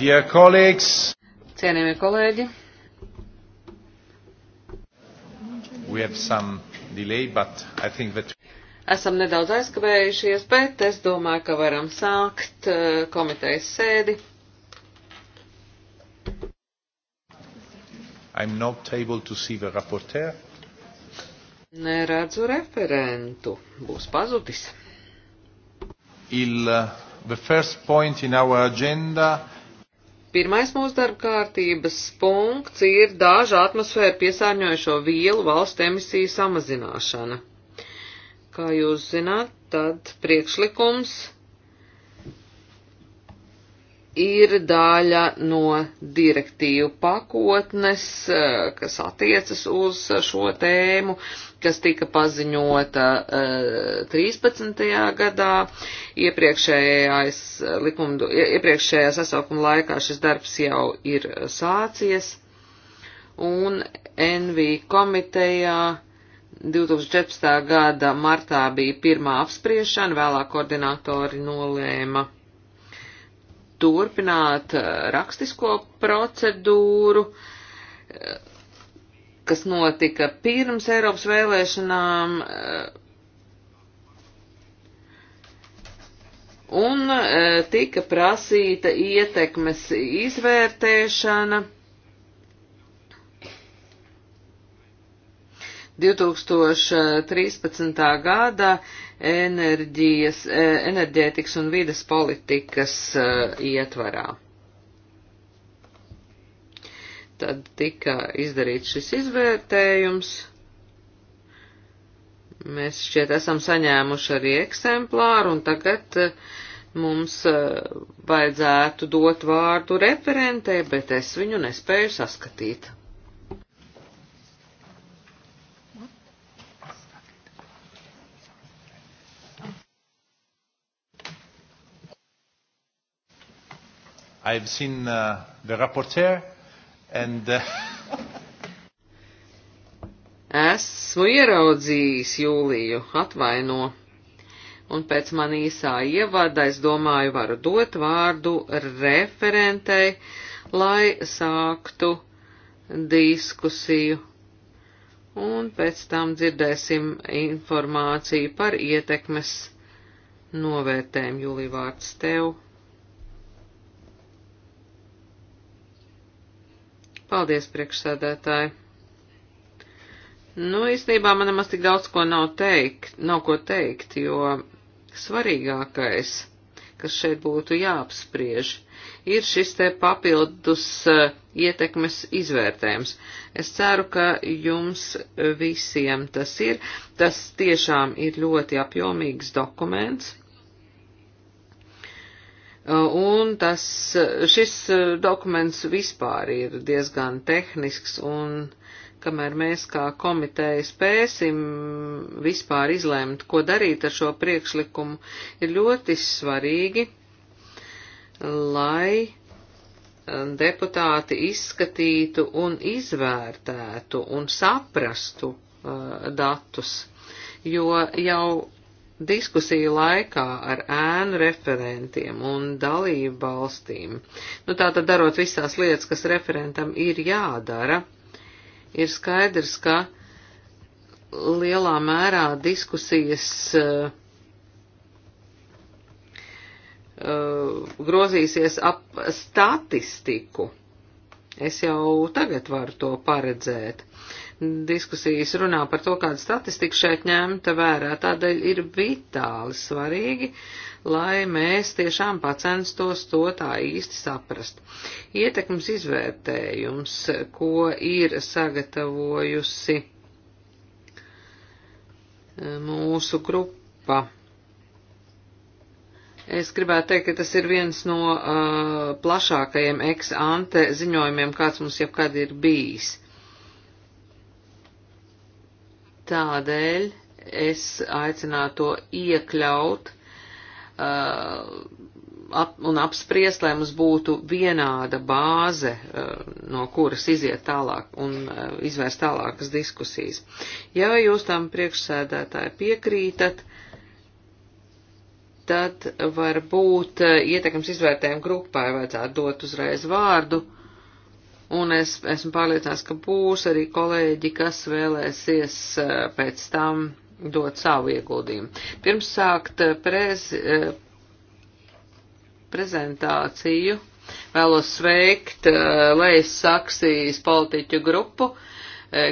Dear colleagues, cienījamie kolēģi, we have some delay, but I think that Esam nedaudz aizkavējušies, bet es domāju, ka varam sākt eh, komitejas sēdi. I'm not able to see the rapporteur. Neredzu referentu. Būs pazudis. Il, eh, the first point in our agenda Pirmais mūsu darba kārtības punkts ir dažu atmosfēru piesārņojušo vielu valstu emisiju samazināšana. Kā jūs zināt, tad priekšlikums ir daļa no direktīvu pakotnes, eh, kas attiecas uz šo tēmu, kas tika paziņota 13. Eh, gadā. Likumdu, iepriekšējā sasaukuma laikā šis darbs jau ir sācies, un NV komitejā 2014. gada martā bija pirmā apspriešana, vēlāk koordinātori nolēma turpināt eh, rakstisko procedūru, eh, kas notika pirms Eiropas vēlēšanām. Eh, un tika prasīta ietekmes izvērtēšana. 2013. gada enerģijas, e, enerģētikas un vidas politikas e, ietvarā. Tad tika izdarīts šis izvērtējums. Mēs šķiet esam saņēmuši arī eksemplāru un tagad e, mums vajadzētu dot vārdu referentē, bet es viņu nespēju saskatīt. I've seen uh, the rapporteur and. Uh, Esmu ieraudzījis Jūliju, atvaino. Un pēc man īsā ievada, es domāju, varu dot vārdu referentei, lai sāktu diskusiju. Un pēc tam dzirdēsim informāciju par ietekmes novērtējumu. Jūlija vārds tev. Paldies, priekšsēdētāji. Nu, īstenībā man nemaz tik daudz ko nav teikt, nav ko teikt, jo svarīgākais, kas šeit būtu jāapspriež, ir šis te papildus eh, ietekmes izvērtējums. Es ceru, ka jums visiem tas ir. Tas tiešām ir ļoti apjomīgs dokuments. Un tas, šis dokuments vispār ir diezgan tehnisks, un kamēr mēs kā komiteja spēsim vispār izlēmt, ko darīt ar šo priekšlikumu, ir ļoti svarīgi, lai eh, deputāti izskatītu un izvērtētu un saprastu uh, datus, jo jau diskusiju laikā ar ēnu referentiem un dalību valstīm, nu tātad darot visās lietas, kas referentam ir jādara, ir skaidrs, ka lielā mērā diskusijas uh, uh, grozīsies ap statistiku. Es jau tagad varu to paredzēt diskusijas runā par to, kāda statistika šeit ņemta vērā. Tādēļ ir vitāli svarīgi, lai mēs tiešām pacenstos to tā īsti saprast. Ietekmes izvērtējums, ko ir sagatavojusi eh, mūsu grupa. Es gribētu teikt, ka tas ir viens no uh, plašākajiem ex-ante ziņojumiem, kāds mums jebkad ir bijis. Tādēļ es aicinātu to iekļaut uh, ap, un apspriest, lai mums būtu vienāda bāze, uh, no kuras iziet tālāk un uh, izvērst tālākas diskusijas. Ja jūs tam priekšsēdētāji piekrītat, tad varbūt uh, ietekmes izvērtējumu grupai vajadzētu dot uzreiz vārdu. Uh, un es esmu pārliecināts, ka būs arī kolēģi, kas vēlēsies eh, pēc tam dot savu ieguldījumu. Pirms sākt eh, prez, eh, prezentāciju vēlos sveikt Lejas Saksijas politiķu grupu,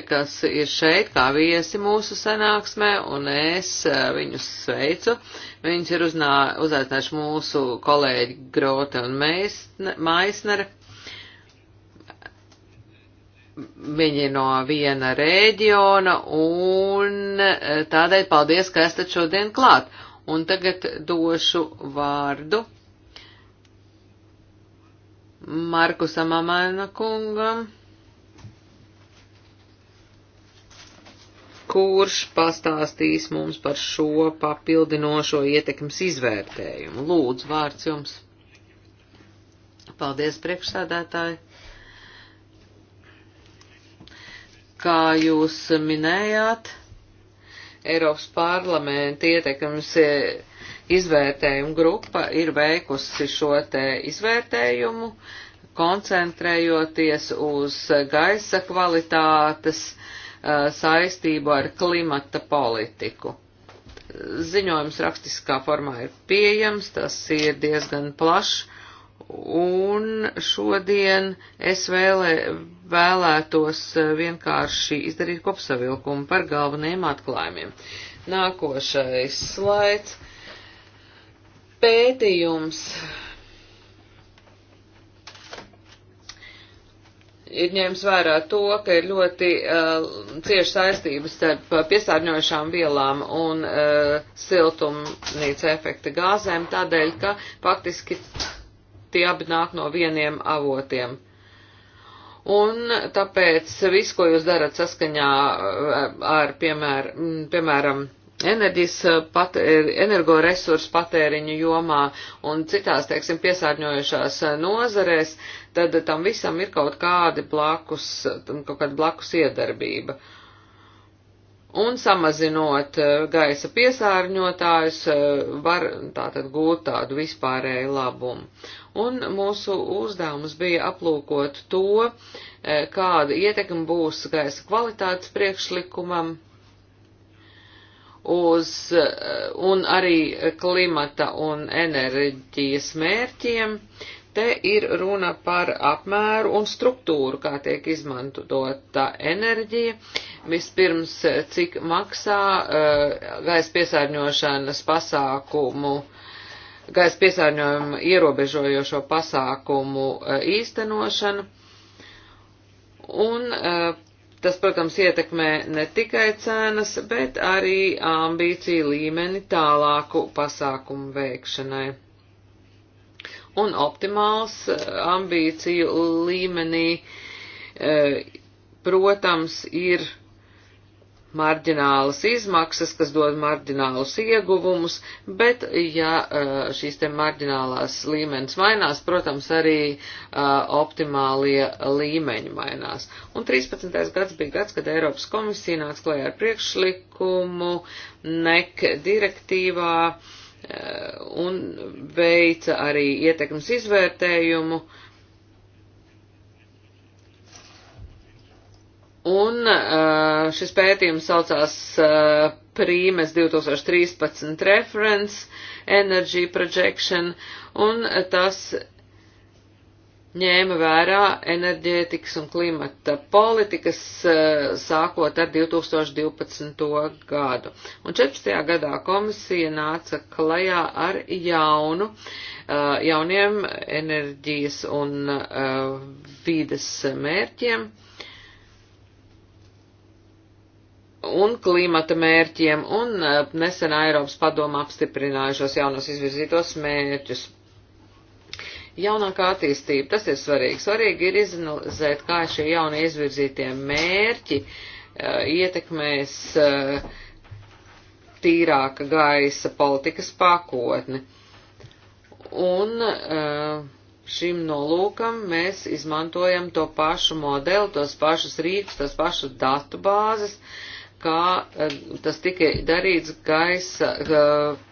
kas ir šeit kā viesi mūsu sanāksmē, un es viņus sveicu. Viņš ir uzaicinājuši mūsu kolēģi Grote un Maisnere viņi no viena reģiona, un e, tādēļ paldies, ka esat šodien klāt. Un tagad došu vārdu Markusam Amēna kungam, kurš pastāstīs mums par šo papildinošo ietekmes izvērtējumu. Lūdzu, vārds jums. Paldies, priekšsādātāji! Kā jūs minējāt, Eiropas parlamenta ietekmes e, izvērtējuma grupa ir veikusi šo te izvērtējumu, koncentrējoties uz gaisa kvalitātes e, saistību ar klimata politiku. Ziņojums rakstiskā formā ir pieejams, tas ir diezgan plašs un šodien es vēlē, vēlētos eh, vienkārši izdarīt kopsavilkumu par galvenajiem atklājumiem. Nākošais slaids. Pētījums. Ir ņēmis vērā to, ka ir ļoti uh, cieši saistības starp piesārņojušām vielām un uh, siltumnīca efekta gāzēm, tādēļ, ka faktiski tie abi nāk no vieniem avotiem. Un tāpēc viss, ko jūs darat saskaņā eh, ar, piemēr, piemēram, enerģijas eh, patēri, energoresursu patēriņu jomā un citās, teiksim, piesārņojušās eh, nozarēs, tad tam visam ir kaut kādi blakus, kaut kāda blakus iedarbība. Un samazinot gaisa piesārņotājus, var tātad gūt tādu vispārēju labumu un mūsu uzdevums bija aplūkot to, e, kāda ietekme būs gaisa kvalitātes priekšlikumam uz, e, un arī klimata un enerģijas mērķiem. Te ir runa par apmēru un struktūru, kā tiek izmantota enerģija. Vispirms, cik maksā e, gaisa piesārņošanas pasākumu uh, gaisa piesārņojumu ierobežojošo pasākumu e, īstenošanu. Un e, tas, protams, ietekmē ne tikai cenas, bet arī ambīciju līmeni tālāku pasākumu veikšanai. Un optimāls e, ambīciju līmenī, protams, ir marģinālas izmaksas, kas dod marģinālus ieguvumus, bet ja eh, šīs te marģinālās līmenis mainās, protams, arī eh, optimālie līmeņi mainās. Un 13. gads bija gads, kad Eiropas komisija nāca klajā ar priekšlikumu NEC direktīvā eh, un veica arī ietekmes izvērtējumu, uh, Un uh, šis pētījums saucās uh, Prīmes 2013 Reference Energy Projection, un tas ņēma vērā enerģētikas un klimata politikas uh, sākot ar 2012. gadu. Un 14. gadā komisija nāca klajā ar jaunu, uh, jauniem enerģijas un uh, vīdes mērķiem un klimata mērķiem un e, nesenā Eiropas padoma apstiprinājušos jaunos izvirzītos mērķus. Jaunākā attīstība, tas ir svarīgi. Svarīgi ir izanalizēt, kā šie jaunie izvirzītie mērķi uh, ietekmēs uh, tīrāka gaisa politikas pakotni. Un uh, šim nolūkam mēs izmantojam to pašu modeli, tos pašus rīkus, tās pašas datu bāzes, uh, kā eh, tas tika darīts gaisa eh,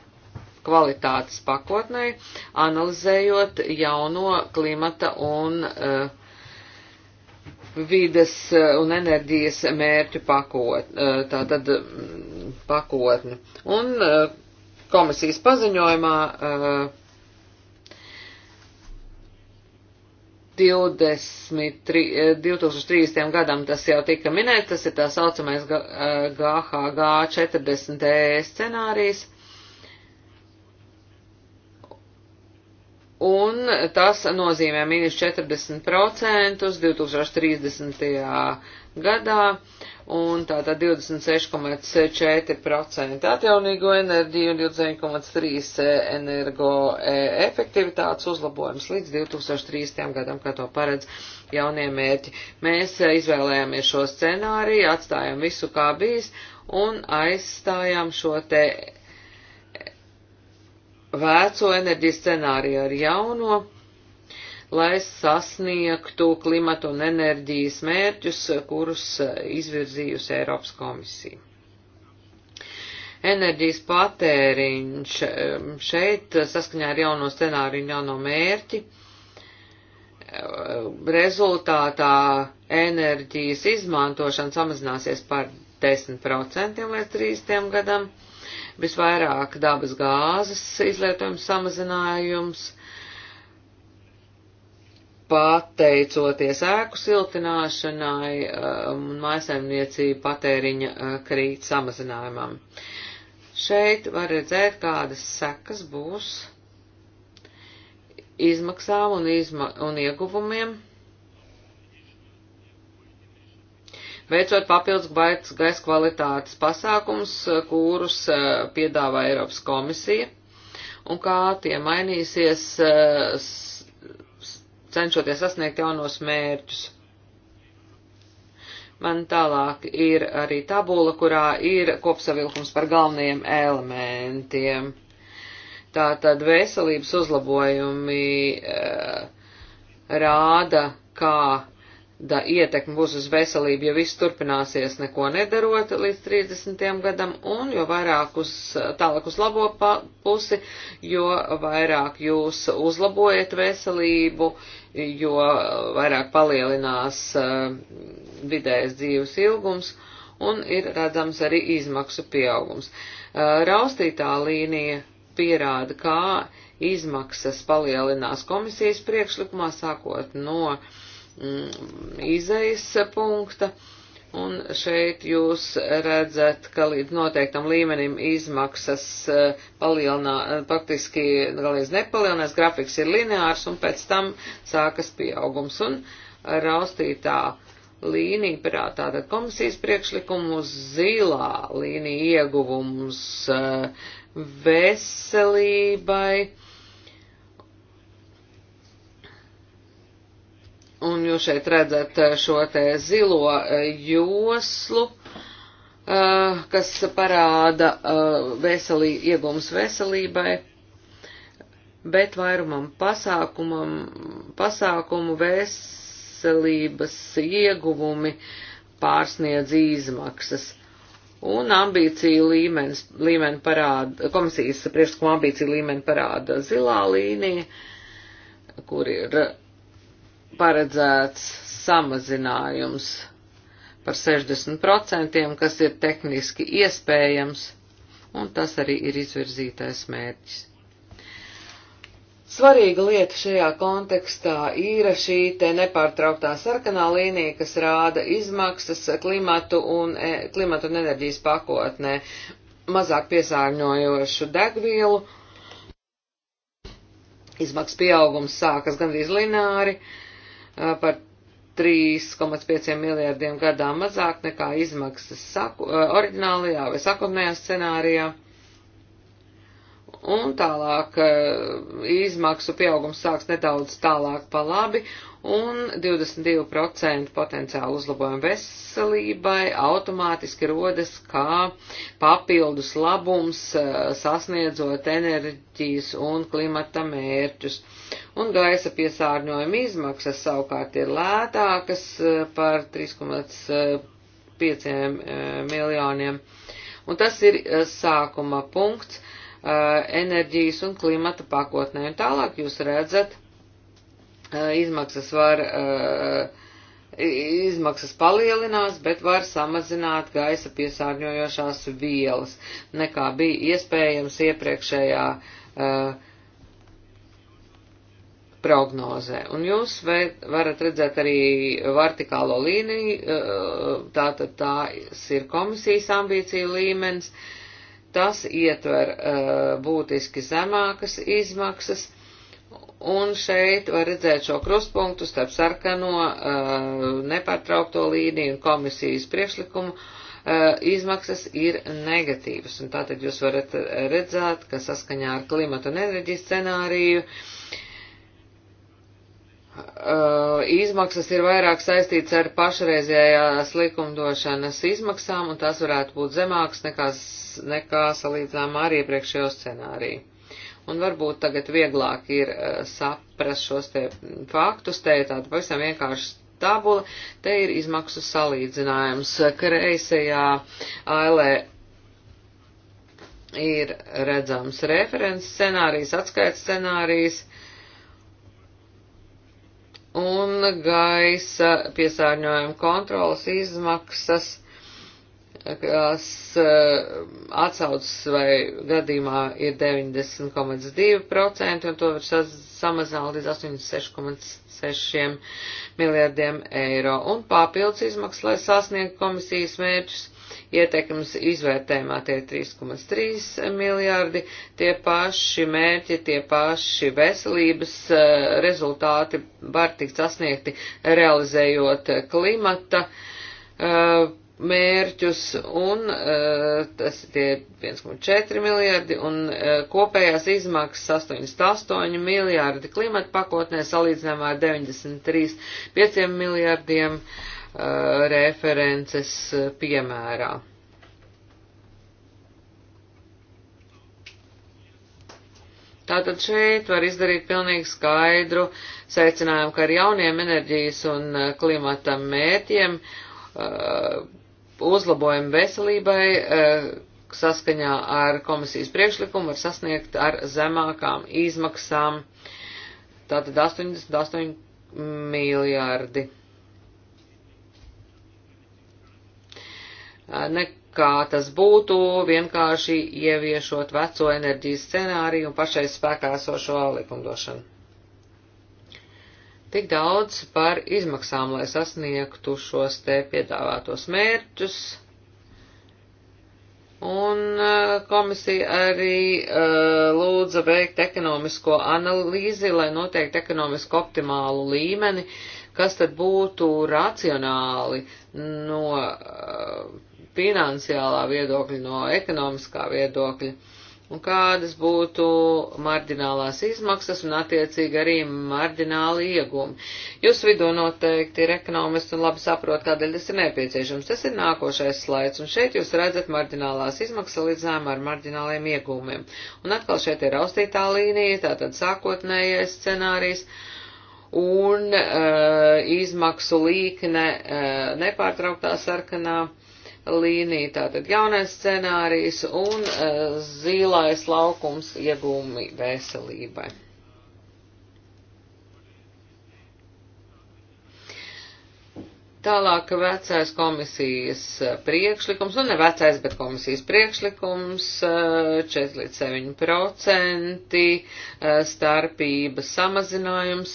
kvalitātes pakotnē, analizējot jauno klimata un eh, vides un enerģijas mērķu pakotni, tātad mm, pakotni. Un komisijas paziņojumā 23, 2030. Eh, gadam tas jau tika minēts, tas ir tā saucamais GHG 40 eh, scenārijs. Un tas nozīmē mīnus 40% 2030. gadā un tātad 26,4% atjaunīgo enerģiju un 29,3% eh, energo eh, efektivitātes uzlabojums līdz 2030. gadam, kā to paredz jaunie mērķi. Mēs eh, izvēlējāmies šo scenāriju, atstājām visu kā bijis un aizstājām šo te vēco enerģijas scenāriju ar jauno lai sasniegtu klimatu un enerģijas mērķus, kurus izvirzījusi Eiropas komisija. Enerģijas patēriņš ehm, šeit saskaņā ar jauno scenāriju un jauno mērķi ehm, rezultātā enerģijas izmantošana samazināsies par 10% līdz 30 gadam, visvairāk dabas gāzes izlietojums samazinājums pateicoties ēku siltināšanai eh, un um, maisaimniecību patēriņa uh, krīt samazinājumam. Šeit var redzēt, kādas sekas būs izmaksām un, izma un ieguvumiem. Veicot papildus gaisa kvalitātes pasākums, eh, kurus uh, piedāvā Eiropas komisija, un kā tie mainīsies uh, cenšoties sasniegt jaunos mērķus. Man tālāk ir arī tabula, kurā ir kopsavilkums par galvenajiem elementiem. Tātad veselības uzlabojumi e, rāda, kā da ietekme būs uz veselību, ja viss turpināsies neko nedarot līdz 30. gadam, un jo vairāk uz, tālāk uz labo pusi, jo vairāk jūs uzlabojat veselību, jo vairāk palielinās uh, eh, vidējais dzīves ilgums, un ir redzams arī izmaksu pieaugums. Uh, raustītā līnija pierāda, kā izmaksas palielinās komisijas priekšlikumā, sākot no uh, Mm, izejas punkta. Un šeit jūs redzat, ka līdz noteiktam līmenim izmaksas eh, palielinā, eh, praktiski galīdz nepalielinās, grafiks ir lineārs un pēc tam sākas pieaugums. Un raustītā līnija parāda tātad komisijas priekšlikumu uz zilā līnija ieguvums eh, veselībai Un jūs šeit redzat eh, šo te zilo eh, joslu, eh, kas parāda veselī, iegums veselībai, bet vairumam pasākumam, pasākumu veselības ieguvumi pārsniedz izmaksas un ambīciju līmenis, līmeni parāda, komisijas priekšlikuma ambīciju līmeni parāda zilā līnija, kur ir paredzēts samazinājums par 60%, kas ir tehniski iespējams, un tas arī ir izvirzītais mērķis. Svarīga lieta šajā kontekstā ir šī te nepārtrauktā sarkanā līnija, kas rāda izmaksas klimatu un, e, klimatu un enerģijas pakotnē mazāk piesārņojošu degvielu. Izmaksas pieaugums sākas gandrīz lināri, uh, par 3,5 miljārdiem gadā mazāk nekā izmaksas saku, orģinālajā vai sākotnējā scenārijā un tālāk eh, izmaksu pieaugums sāks nedaudz tālāk pa labi, un 22% potenciāli uzlabojumu veselībai automātiski rodas kā papildus labums eh, sasniedzot enerģijas un klimata mērķus. Un gaisa piesārņojuma izmaksas savukārt ir lētākas eh, par 3,5 miljoniem. Un tas ir sākuma punkts Uh, enerģijas un klimata pakotnē. Un tālāk jūs redzat, uh, izmaksas var, uh, izmaksas palielinās, bet var samazināt gaisa piesārņojošās vielas, nekā bija iespējams iepriekšējā prognozē. Un jūs varat redzēt arī vertikālo līniju, tātad tā, tās ir komisijas ambīciju līmenis, uh, Tas ietver uh, būtiski zemākas izmaksas, un šeit var redzēt šo krustpunktu starp sarkano uh, nepārtraukto līniju un komisijas priekšlikumu. Uh, izmaksas ir negatīvas, un tātad jūs varat redzēt, ka saskaņā ar klimata un enerģijas scenāriju uh, Uh, izmaksas ir vairāk saistīts ar pašreizējās likumdošanas izmaksām, un tās varētu būt zemākas nekā, nekā salīdzām ar iepriekšējo scenāriju. Un varbūt tagad vieglāk ir uh, saprast šos te faktus, te ir tāda pavisam vienkārša tabula, te ir izmaksu salīdzinājums. Kreisajā ailē ir redzams referents scenārijs, atskaits scenārijs, un gaisa piesārņojuma kontrolas izmaksas, kas eh, atsaucas vai gadījumā ir 90,2% un to var samazināt līdz 86,6 miljardiem eiro un papildus izmaksas, lai sasniegtu komisijas mērķus ietekmes izvērtējumā tie 3,3 miljārdi, tie paši mērķi, tie paši veselības eh, rezultāti var tikt sasniegti realizējot eh, klimata eh, mērķus, un uh, tas ir 1,4 miljardi, un uh, kopējās izmaksas 88 miljardi klimata pakotnē salīdzinājumā ar 93,5 miljardiem uh, Eh, references eh, piemērā. Tātad šeit var izdarīt pilnīgi skaidru secinājumu, ka ar jauniem enerģijas un eh, klimata mērķiem uh, uzlabojumu veselībai uh, saskaņā ar komisijas priekšlikumu var sasniegt ar zemākām izmaksām. Tātad 88 miljārdi. nekā tas būtu vienkārši ieviešot veco enerģijas scenāriju un pašais spēkā esošo likumdošanu. Tik daudz par izmaksām, lai sasniegtu šos te piedāvātos mērķus. Un komisija arī uh, lūdza veikt ekonomisko analīzi, lai noteikti ekonomisku optimālu līmeni, kas tad būtu racionāli no uh, finansiālā viedokļa, no ekonomiskā viedokļa, un kādas būtu marģinālās izmaksas un attiecīgi arī marģināli iegumi. Jūs vidū noteikti ir ekonomisti un labi saprot, kādēļ tas ir nepieciešams. Tas ir nākošais slaids, un šeit jūs redzat marģinālās izmaksas līdzām ar marģināliem iegumiem. Un atkal šeit ir raustītā līnija, tātad sākotnējais scenārijs un uh, izmaksu līkne uh, nepārtrauktā sarkanā līnija, tātad jaunais scenārijs un uh, zilais laukums iegūmi veselībai. Tālāk vecais komisijas priekšlikums, nu ne vecais, bet komisijas priekšlikums 4 eh, līdz 7% eh, starpības samazinājums.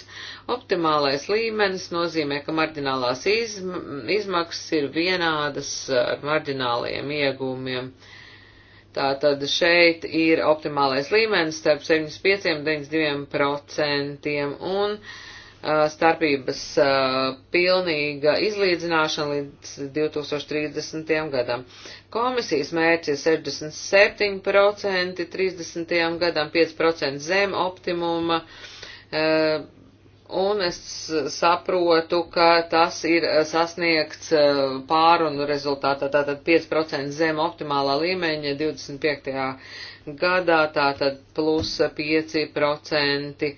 Optimālais līmenis nozīmē, ka marģinālās izmaksas ir vienādas ar marģināliem iegūmiem. Tātad šeit ir optimālais līmenis starp 75 un 92% un starpības pilnīga izlīdzināšana līdz 2030. gadam. Komisijas mērķis ir 67%, 30. gadam 5% zem optimuma, un es saprotu, ka tas ir sasniegts pārunu rezultātā, tātad 5% zem optimālā līmeņa 25. gadā, tātad plus 5%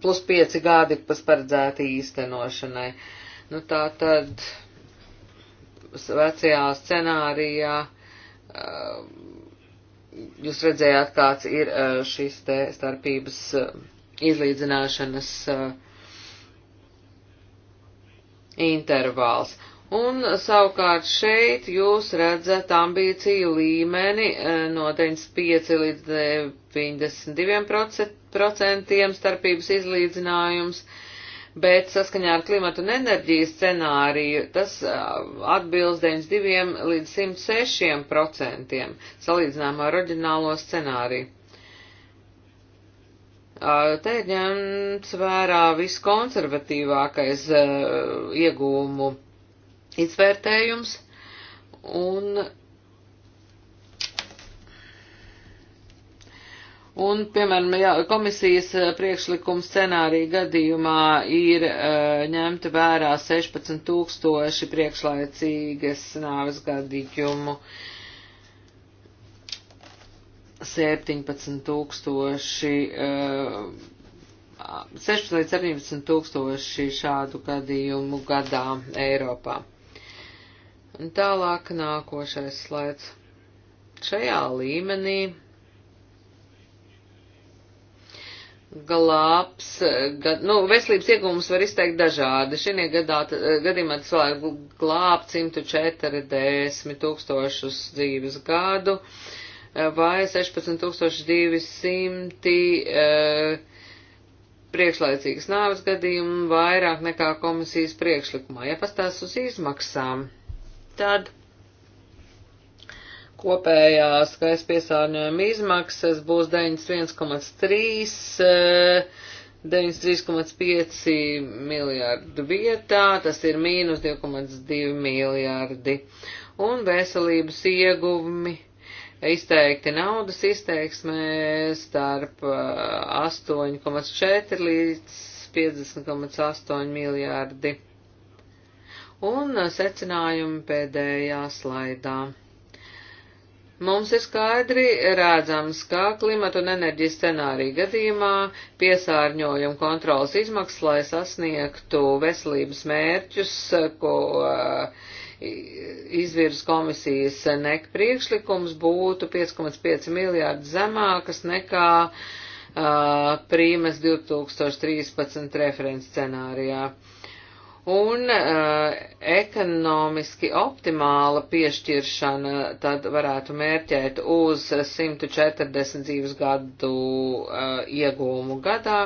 plus 5 gadi, kas paredzēti īstenošanai. Nu, tā tad vecajā scenārijā um, jūs redzējāt, kāds ir uh, šis te starpības uh, izlīdzināšanas uh, intervāls. Un savukārt šeit jūs redzat ambīciju līmeni eh, no 95 līdz 92% starpības izlīdzinājums, bet saskaņā ar klimatu un enerģijas scenāriju tas eh, atbilst 92 līdz 106% salīdzinājumā ar oriģinālo scenāriju. Eh, te ir ņemts vērā viskonservatīvākais iegūmu izvērtējums un, un piemēram, jā, komisijas priekšlikuma scenārija gadījumā ir uh, ņemta vērā 16 tūkstoši priekšlaicīgas nāves gadījumu. 17 tūkstoši, uh, 16 līdz 17 tūkstoši šādu gadījumu gadā Eiropā. Un tālāk nākošais slaids. Šajā līmenī glābs, gad, nu, veselības iegūmus var izteikt dažādi. Šī gadā, eh, gadījumā tas vēl glābt 140 tūkstošus dzīves gadu eh, vai 16 200 uh, priekšlaicīgas nāves gadījumu vairāk nekā komisijas priekšlikumā, ja pastās uz izmaksām. Uh, tad kopējās gaisa piesārņojuma izmaksas būs 91,3, 93,5 miljārdu vietā, tas ir mīnus 2,2 miljārdi. Un veselības ieguvumi izteikti naudas izteiksmē starp 8,4 uh, līdz 50,8 miljārdi. Un secinājumi pēdējā slaidā. Mums ir skaidri redzams, ka klimata un enerģijas scenārija gadījumā piesārņojuma kontrolas izmaksas, lai sasniegtu veselības mērķus, ko e, izvirs komisijas nek priekšlikums, būtu 5,5 miljārdi zemākas nekā uh, prīmes 2013 referents scenārijā. Uh, Un uh, ekonomiski optimāla piešķiršana tad varētu mērķēt uz 140 dzīves gadu uh, iegūmu gadā,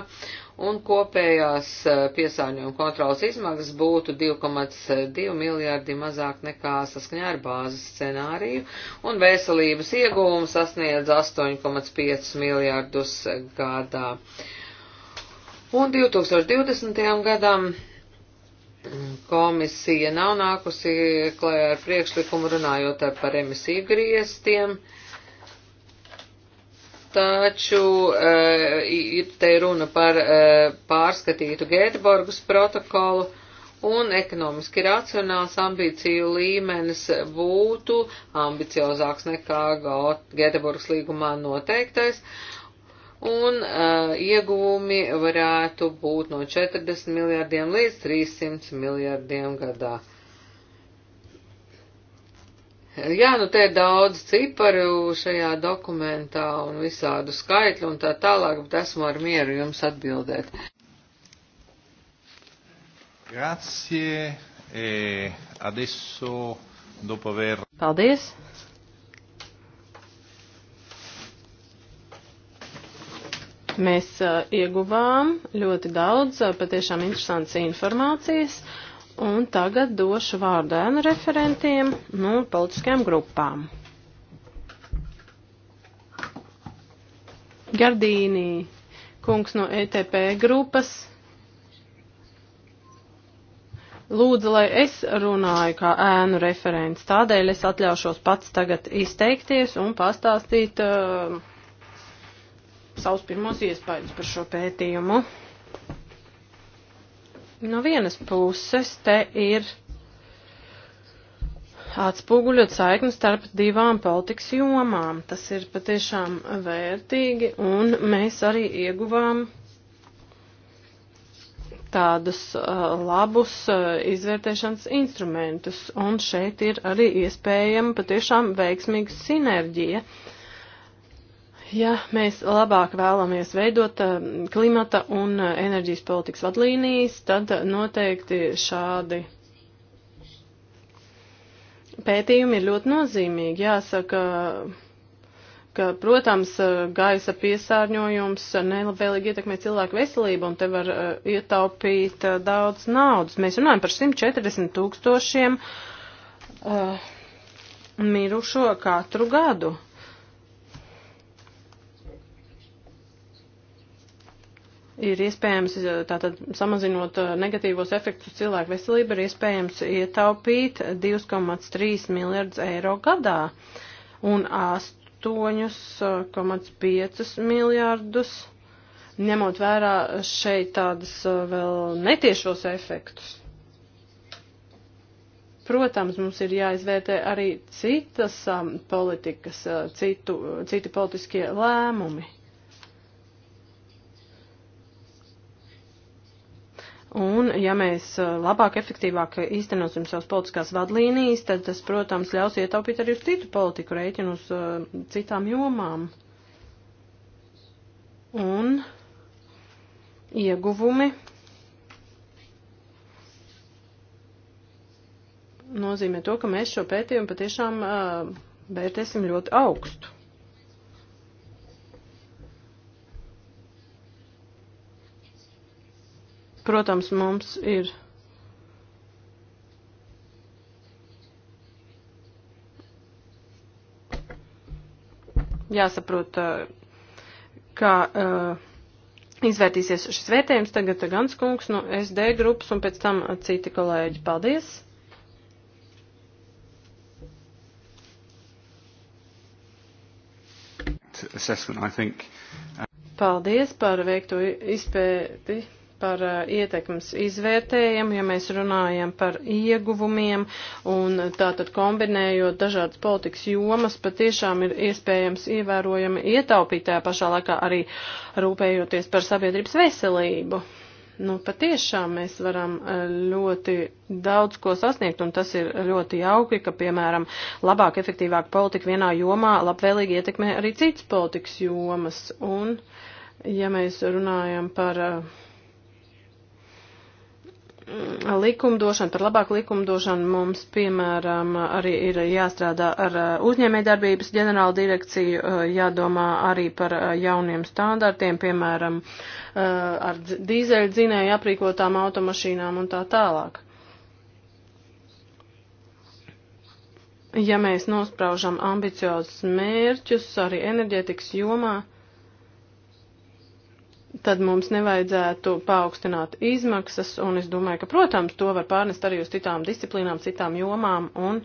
un kopējās uh, piesārņojuma kontrolas izmaksas būtu 2,2 miljārdi mazāk nekā saskaņā ar bāzes scenāriju, un veselības iegūmu sasniedz 8,5 miljārdus gadā. Un 2020. gadam Komisija nav nākusi klajā ar priekšlikumu runājot par emisiju griestiem, taču eh, ir te runa par eh, pārskatītu Gēteborgas protokolu un ekonomiski racionāls ambīciju līmenis būtu ambiciozāks nekā Gēteburgas līgumā noteiktais, un uh, ieguvumi varētu būt no 40 miljardiem līdz 300 miljardiem gadā. Jā, nu te ir daudz ciparu šajā dokumentā un visādu skaitļu un tā tālāk, bet esmu ar mieru jums atbildēt. Grazie. E adesso, dopo aver... Paldies. Mēs eh, ieguvām ļoti daudz eh, patiešām interesantas informācijas, un tagad došu vārdu ēnu referentiem no politiskajām grupām. Gardīnī, kungs no ETP grupas, lūdza, lai es runāju kā ēnu referents. Tādēļ es atļaušos pats tagad izteikties un pastāstīt uh, savus pirmos iespējas par šo pētījumu. No vienas puses te ir atspoguļot saikni starp divām politikas jomām. Tas ir patiešām vērtīgi, un mēs arī ieguvām tādus uh, labus uh, izvērtēšanas instrumentus, un šeit ir arī iespējama patiešām veiksmīga sinerģija. Uh, Ja mēs labāk vēlamies veidot eh, klimata un eh, enerģijas politikas vadlīnijas, tad noteikti šādi pētījumi ir ļoti nozīmīgi. Jāsaka, ka, protams, gaisa piesārņojums nelabvēlīgi ietekmē cilvēku veselību un te var uh, ietaupīt uh, daudz naudas. Mēs runājam par 140 tūkstošiem uh, mirušo katru gadu. ir iespējams, eh, tātad samazinot eh, negatīvos efektus cilvēku veselību, ir iespējams ietaupīt 2,3 miljardus eiro gadā un 8,5 eh, miljardus, ņemot vērā šeit tādas vēl netiešos efektus. Protams, mums ir jāizvērtē arī citas politikas, citu, citi politiskie lēmumi. Un, ja mēs uh, labāk, efektīvāk īstenosim savas politiskās vadlīnijas, tad tas, protams, ļaus ietaupīt arī uz citu politiku rēķinu, uz uh, citām jomām. Un ieguvumi nozīmē to, ka mēs šo pētījumu patiešām uh, vērtēsim ļoti augstu. Protams, mums ir. Jāsaprot, kā uh, izvērtīsies šis vērtējums tagad Gans kungs no SD grupas un pēc tam citi kolēģi. Paldies! Paldies par veikto izpēti par eh, ietekmes izvērtējumu, ja mēs runājam par ieguvumiem un tātad kombinējot dažādas politikas jomas, patiešām ir iespējams ievērojami ietaupīt tajā pašā laikā arī rūpējoties par sabiedrības veselību. Nu, patiešām mēs varam eh, ļoti daudz ko sasniegt, un tas ir ļoti jauki, ka, piemēram, labāk, efektīvāk politika vienā jomā labvēlīgi ietekmē arī citas politikas jomas. Un, ja mēs runājam par uh, likumdošana, par labāku likumdošanu mums, piemēram, arī ir jāstrādā ar eh, uzņēmējdarbības ģenerālu direkciju, eh, jādomā arī par eh, jauniem standartiem, piemēram, ar dīzeļdzinēju aprīkotām automašīnām un tā tālāk. Ja mēs nospraužam ambiciozus mērķus arī enerģētikas jomā, tad mums nevajadzētu paaugstināt izmaksas, un es domāju, ka, protams, to var pārnest arī uz citām disciplīnām, citām jomām, un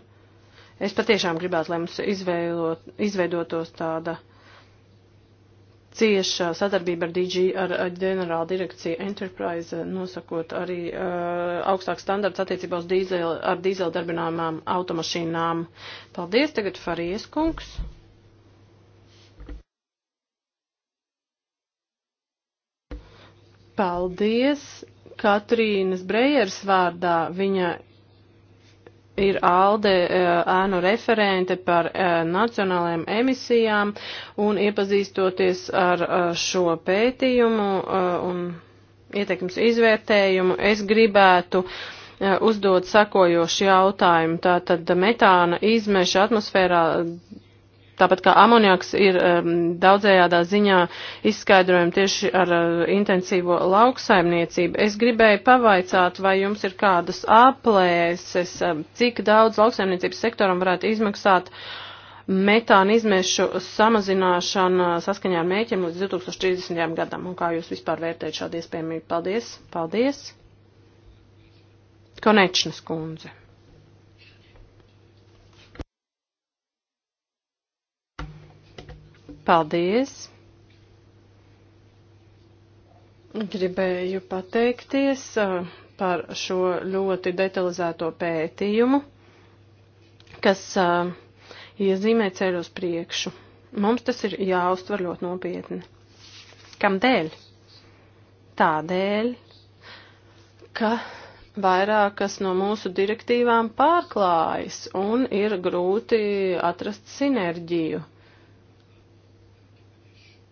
es patiešām gribētu, lai mums izveidot, izveidotos tāda cieša sadarbība ar DG, ar ģenerāla direkciju Enterprise, nosakot arī uh, augstāks standarts attiecībā uz dīzeļu, ar dīzeļu darbināmām automašīnām. Paldies, tagad Farijas kungs. Paldies Katrīnas Brejers vārdā. Viņa ir ALDE eh, ēnu referente par eh, nacionālajām emisijām un iepazīstoties ar eh, šo pētījumu un ietekmes izvērtējumu, es gribētu uzdot sakojošu jautājumu. Tātad metāna izmeša atmosfērā Tāpat kā amoniaks ir um, daudzējādā ziņā izskaidrojumi tieši ar uh, intensīvo lauksaimniecību. Es gribēju pavaicāt, vai jums ir kādas aplēses, um, cik daudz lauksaimniecības sektoram varētu izmaksāt metāna izmešu samazināšana saskaņā ar mēķiem līdz 2030. gadam, un kā jūs vispār vērtējat šādu iespējamību? Paldies! Paldies! Konečnas kundze! Paldies! Gribēju pateikties uh, par šo ļoti detalizēto pētījumu, kas uh, iezīmē ceļu uz priekšu. Mums tas ir jāuztver ļoti nopietni. Kamdēļ? Tādēļ, ka vairākas no mūsu direktīvām pārklājas un ir grūti atrast sinerģiju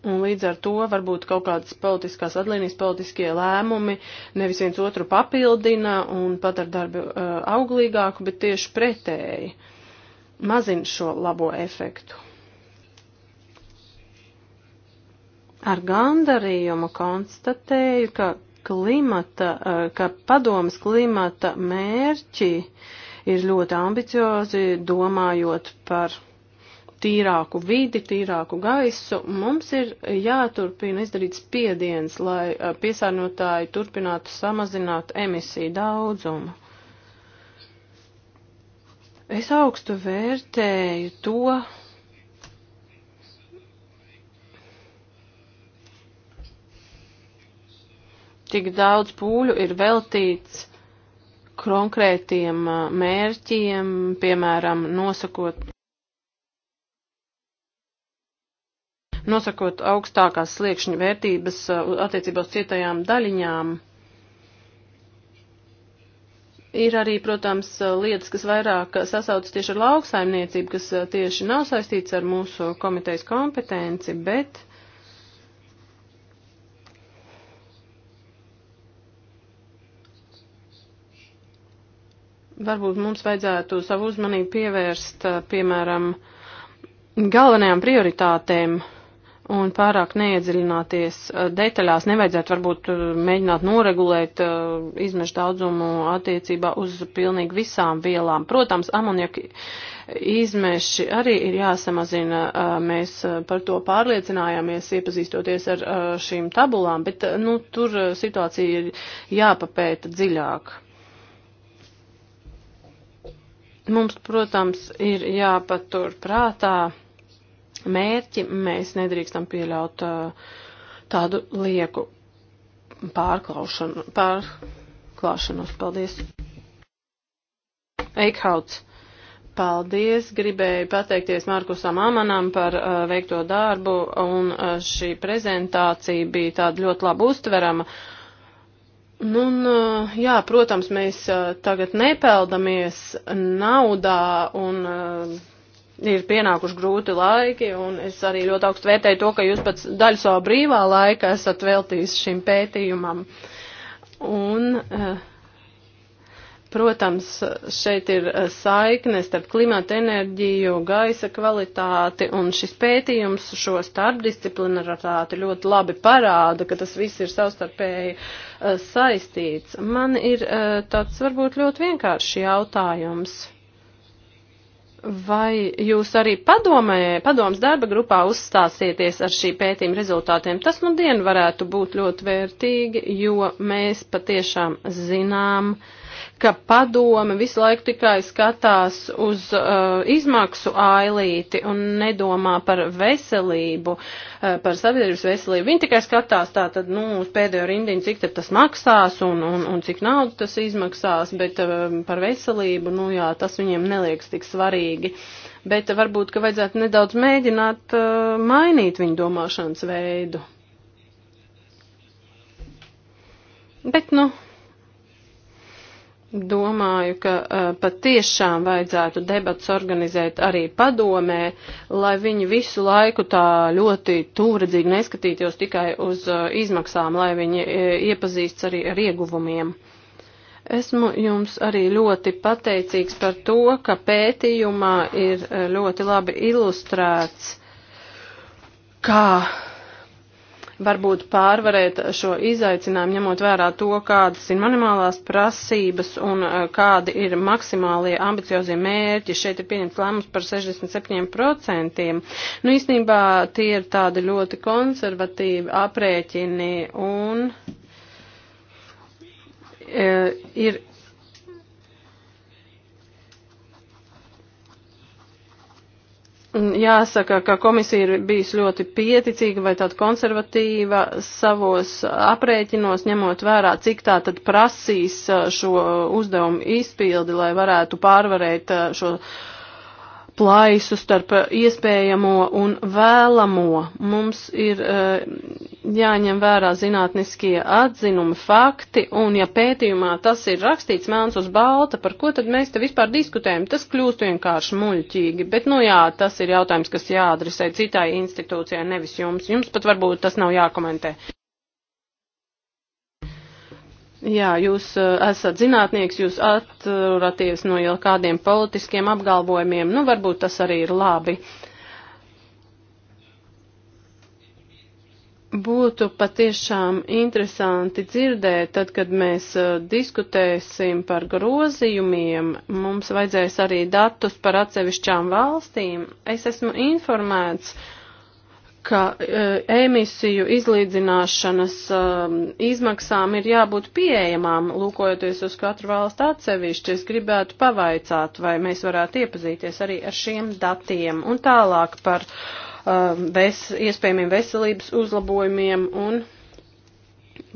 Un līdz ar to varbūt kaut kādas politiskās atlīnijas, politiskie lēmumi nevis viens otru papildina un padara darbu uh, auglīgāku, bet tieši pretēji mazina šo labo efektu. Ar gandarījumu konstatēju, ka klimata, uh, ka padomas klimata mērķi ir ļoti ambiciozi, domājot par tīrāku vidi, tīrāku gaisu, mums ir jāturpina izdarīt spiediens, lai piesārņotāji turpinātu samazināt emisiju daudzumu. Es augstu vērtēju to, cik daudz pūļu ir veltīts konkrētiem mērķiem, piemēram, nosakot nosakot augstākās sliekšņa vērtības uh, attiecībā uz cietajām daļiņām. Ir arī, protams, uh, lietas, kas vairāk sasaucas tieši ar lauksaimniecību, kas uh, tieši nav saistīts ar mūsu komitejas kompetenci, bet varbūt mums vajadzētu savu uzmanību pievērst, piemēram, galvenajām prioritātēm un pārāk neiedziļināties eh, detaļās, nevajadzētu varbūt eh, mēģināt noregulēt eh, izmešu daudzumu attiecībā uz pilnīgi visām vielām. Protams, amoniaka izmeši arī ir jāsamazina, mēs par to pārliecinājāmies, iepazīstoties ar šīm tabulām, bet nu, tur situācija ir jāpapēta dziļāk. Mums, protams, ir jāpatur prātā mērķi, mēs nedrīkstam pieļaut uh, tādu lieku pārklāšanu, pārklāšanos. Paldies! Eikhauts! Paldies! Gribēju pateikties Markusam Amanam par uh, veikto darbu, un uh, šī prezentācija bija tāda ļoti labi uztverama. Nu, un, uh, jā, protams, mēs uh, tagad nepeldamies naudā un. Uh, ir pienākuši grūti laiki, un es arī ļoti augstu vērtēju to, ka jūs pats daļu savu brīvā laika esat veltījis šim pētījumam. Un, eh, protams, šeit ir eh, saikne starp klimata enerģiju, gaisa kvalitāti, un šis pētījums šo starpdisciplinaritāti ļoti labi parāda, ka tas viss ir savstarpēji eh, saistīts. Man ir tāds varbūt ļoti vienkāršs jautājums Vai jūs arī padomē, padoms darba grupā uzstāsieties ar šī pētījuma rezultātiem? Tas nu dienu varētu būt ļoti vērtīgi, jo mēs patiešām zinām, uh, ka padome visu laiku tikai skatās uz uh, izmaksu ailīti un nedomā par veselību, uh, par sabiedrības veselību. Viņi tikai skatās tā tad, nu, uz pēdējo rindiņu, cik tad tas maksās un, un, un cik naudu tas izmaksās, bet uh, par veselību, nu jā, tas viņiem neliekas tik svarīgi. Bet uh, varbūt, ka vajadzētu nedaudz mēģināt uh, mainīt viņu domāšanas veidu. Bet, nu, domāju, ka uh, patiešām vajadzētu debats organizēt arī padomē, lai viņi visu laiku tā ļoti tūredzīgi neskatītos tikai uz uh, izmaksām, lai viņi uh, iepazīsts arī ar ieguvumiem. Esmu jums arī ļoti pateicīgs par to, ka pētījumā ir uh, ļoti labi ilustrēts, kā varbūt pārvarēt šo izaicinājumu, ņemot vērā to, kādas ir minimālās prasības un eh, kādi ir maksimālie ambiciozie mērķi. Šeit ir pieņemts lēmums par 67%. Nu, īstenībā tie ir tādi ļoti konservatīvi aprēķini un eh, ir Mm, jāsaka, ka komisija ir bijusi ļoti pieticīga vai tāda konservatīva savos aprēķinos, ņemot vērā, cik tā tad prasīs uh, šo uzdevumu izpildi, lai varētu pārvarēt uh, šo plaisu starp iespējamo un vēlamo. Mums ir uh, jāņem vērā zinātniskie atzinumi, fakti, un ja pētījumā tas ir rakstīts mēns uz balta, par ko tad mēs te vispār diskutējam, tas kļūst vienkārši muļķīgi. Bet, nu jā, tas ir jautājums, kas jāadresē citai institūcijai, nevis jums. Jums pat varbūt tas nav jākomentē. Jā, jūs uh, esat zinātnieks, jūs atturaties no jau kādiem politiskiem apgalvojumiem, nu varbūt tas arī ir labi. Uh, būtu patiešām interesanti dzirdēt, tad, kad mēs uh, diskutēsim par grozījumiem, mums vajadzēs arī datus par atsevišķām valstīm. Es esmu informēts, ka uh, emisiju izlīdzināšanas uh, izmaksām ir jābūt pieejamām, lūkojoties uz katru valstu atsevišķi. Es gribētu pavaicāt, vai mēs varētu iepazīties arī ar šiem datiem un tālāk par uh, Um, ves, iespējamiem veselības uzlabojumiem un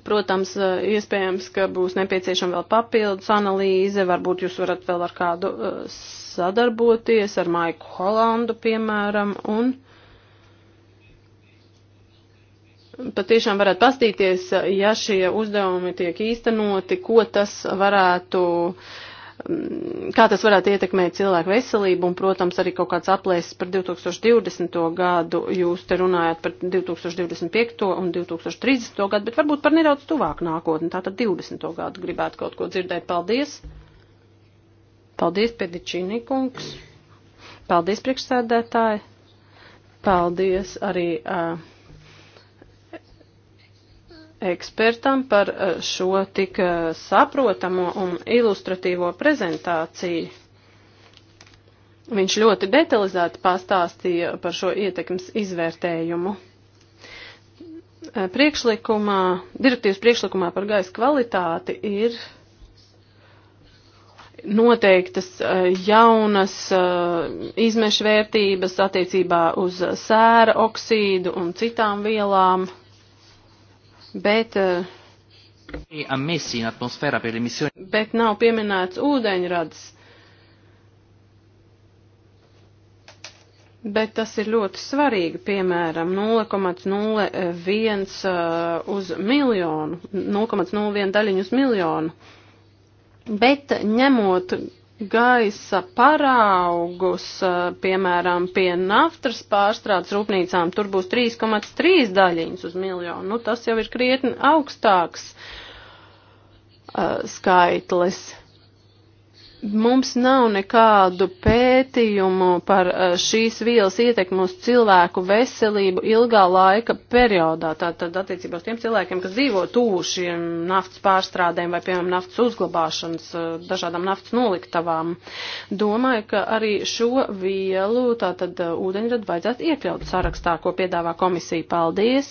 Protams, uh, iespējams, ka būs nepieciešama vēl papildus analīze, varbūt jūs varat vēl ar kādu uh, sadarboties, ar Maiku Holandu, piemēram, un patiešām varat pastīties, ja šie uzdevumi tiek īstenoti, ko tas varētu uh, Mm, kā tas varētu ietekmēt cilvēku veselību un, protams, arī kaut kāds aplēsis par 2020. gadu. Jūs te runājat par 2025. un 2030. gadu, bet varbūt par nedaudz tuvāk nākotni, tātad 20. gadu gribētu kaut ko dzirdēt. Paldies! Paldies, Pedičīni kungs! Paldies, priekšsēdētāji! Paldies arī. Uh, ekspertam par eh, šo tik eh, saprotamo un ilustratīvo prezentāciju. Viņš ļoti detalizēti pastāstīja par šo ietekmes izvērtējumu. Eh, priekšlikumā, direktīvas priekšlikumā par gaisa kvalitāti ir noteiktas jaunas izmešvērtības attiecībā uz sēra oksīdu un citām vielām bet. Eh, bet nav pieminēts ūdeņrads. Bet tas ir ļoti svarīgi, piemēram, 0,01 eh, uz miljonu, 0,01 daļiņu uz miljonu. Bet ņemot gaisa paraugus, piemēram, pie naftas pārstrādes rūpnīcām, tur būs 3,3 daļiņas uz miljonu. Nu, tas jau ir krietni augstāks uh, skaitlis. Mums nav nekādu pētījumu par e, šīs vielas ietekmu uz cilvēku veselību ilgā laika periodā. Tātad attiecībā uz tiem cilvēkiem, kas dzīvo tuvu šiem naftas pārstrādēm vai, piemēram, naftas uzglabāšanas e, dažādām naftas noliktavām. Domāju, ka arī šo vielu, tātad e, ūdeņradu, vajadzētu iekļaut sarakstā, ko piedāvā komisija. Paldies!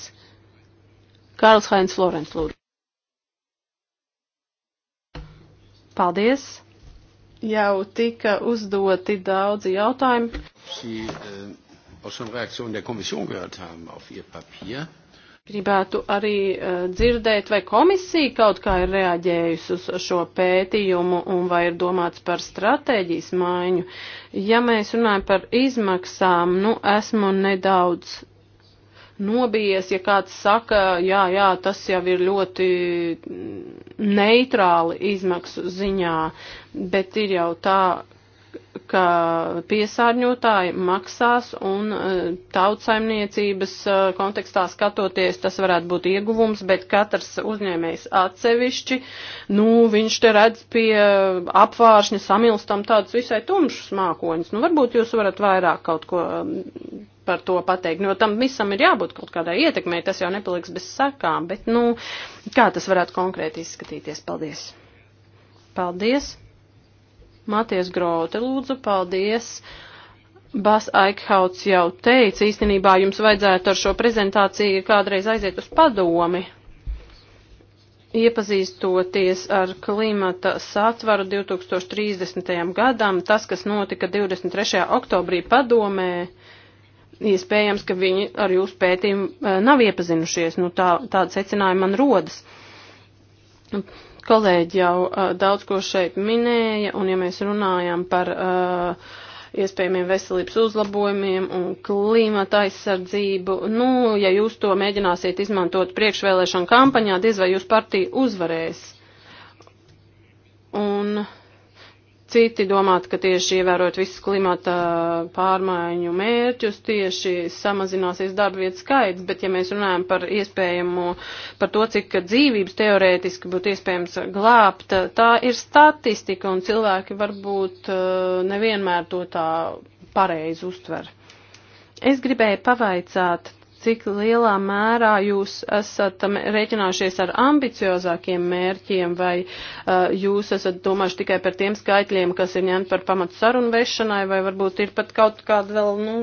Kārls Hainz Florens, lūdzu. Paldies! jau tika uzdoti daudzi jautājumi. Eh, Sie, äh, Gribētu arī uh, dzirdēt, vai komisija kaut kā ir reaģējusi uz šo pētījumu un vai ir domāts par stratēģijas maiņu. Ja mēs runājam par izmaksām, nu esmu nedaudz nobijies, ja kāds saka, jā, jā, tas jau ir ļoti neitrāli izmaksu ziņā, bet ir jau tā, ka piesārņotāji maksās un e, tautsaimniecības e, kontekstā skatoties, tas varētu būt ieguvums, bet katrs uzņēmējs atsevišķi, nu, viņš te redz pie apvāršņa samilstam tādus visai tumšus mākoņus. Nu, varbūt jūs varat vairāk kaut ko par to pateikt, nu, jo tam visam ir jābūt kaut kādai ietekmei, tas jau nepaliks bez sakām, bet, nu, kā tas varētu konkrēti izskatīties? Paldies! Paldies! Maties Grote, lūdzu, paldies! Bas Aikhauts jau teica, īstenībā jums vajadzētu ar šo prezentāciju kādreiz aiziet uz padomi, iepazīstoties ar klimata satvaru 2030. gadam, tas, kas notika 23. oktobrī padomē, iespējams, ka viņi ar jūsu pētījumu eh, nav iepazinušies. Nu, tā, tāda secinājuma man rodas. Kolēģi jau uh, daudz ko šeit minēja, un ja mēs runājam par uh, iespējamiem veselības uzlabojumiem un klimata aizsardzību, nu, ja jūs to mēģināsiet izmantot priekšvēlēšanu kampaņā, diez vai jūs partija uzvarēs. Un, uh, Citi domāt, ka tieši ievērot visus klimata pārmaiņu mērķus, tieši samazināsies darba vietas skaits, bet ja mēs runājam par iespējamo, par to, cik dzīvības teorētiski būtu iespējams glābt, tā ir statistika un cilvēki varbūt uh, nevienmēr to tā pareizi uztver. Es gribēju pavaicāt, cik lielā mērā jūs esat rēķinājušies ar ambiciozākiem mērķiem, vai uh, jūs esat domājuši tikai par tiem skaitļiem, kas ir ņemti par pamatu sarunu vešanai, vai varbūt ir pat kaut kāda vēl nu,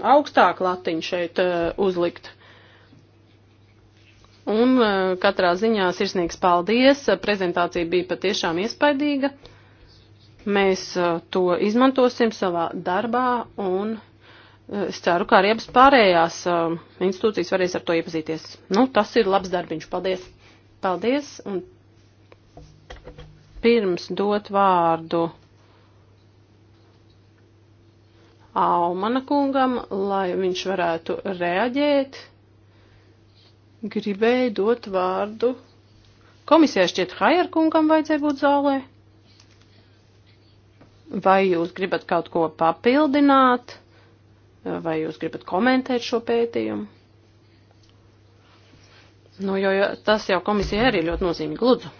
augstāka latiņa šeit uh, uzlikt. Un uh, katrā ziņā sirsnīgs paldies, prezentācija bija patiešām iespaidīga. Mēs uh, to izmantosim savā darbā un Es ceru, ka arī abas pārējās uh, institūcijas varēs ar to iepazīties. Nu, tas ir labs darbiņš. Paldies! Paldies! Un pirms dot vārdu Aumana kungam, lai viņš varētu reaģēt, gribēju dot vārdu. Komisijā šķiet Hajer kungam vajadzēja būt zālē. Vai jūs gribat kaut ko papildināt? Vai jūs gribat komentēt šo pētījumu? Nu, jo, jo tas jau komisijai arī ļoti nozīmīgi. Lūdzu.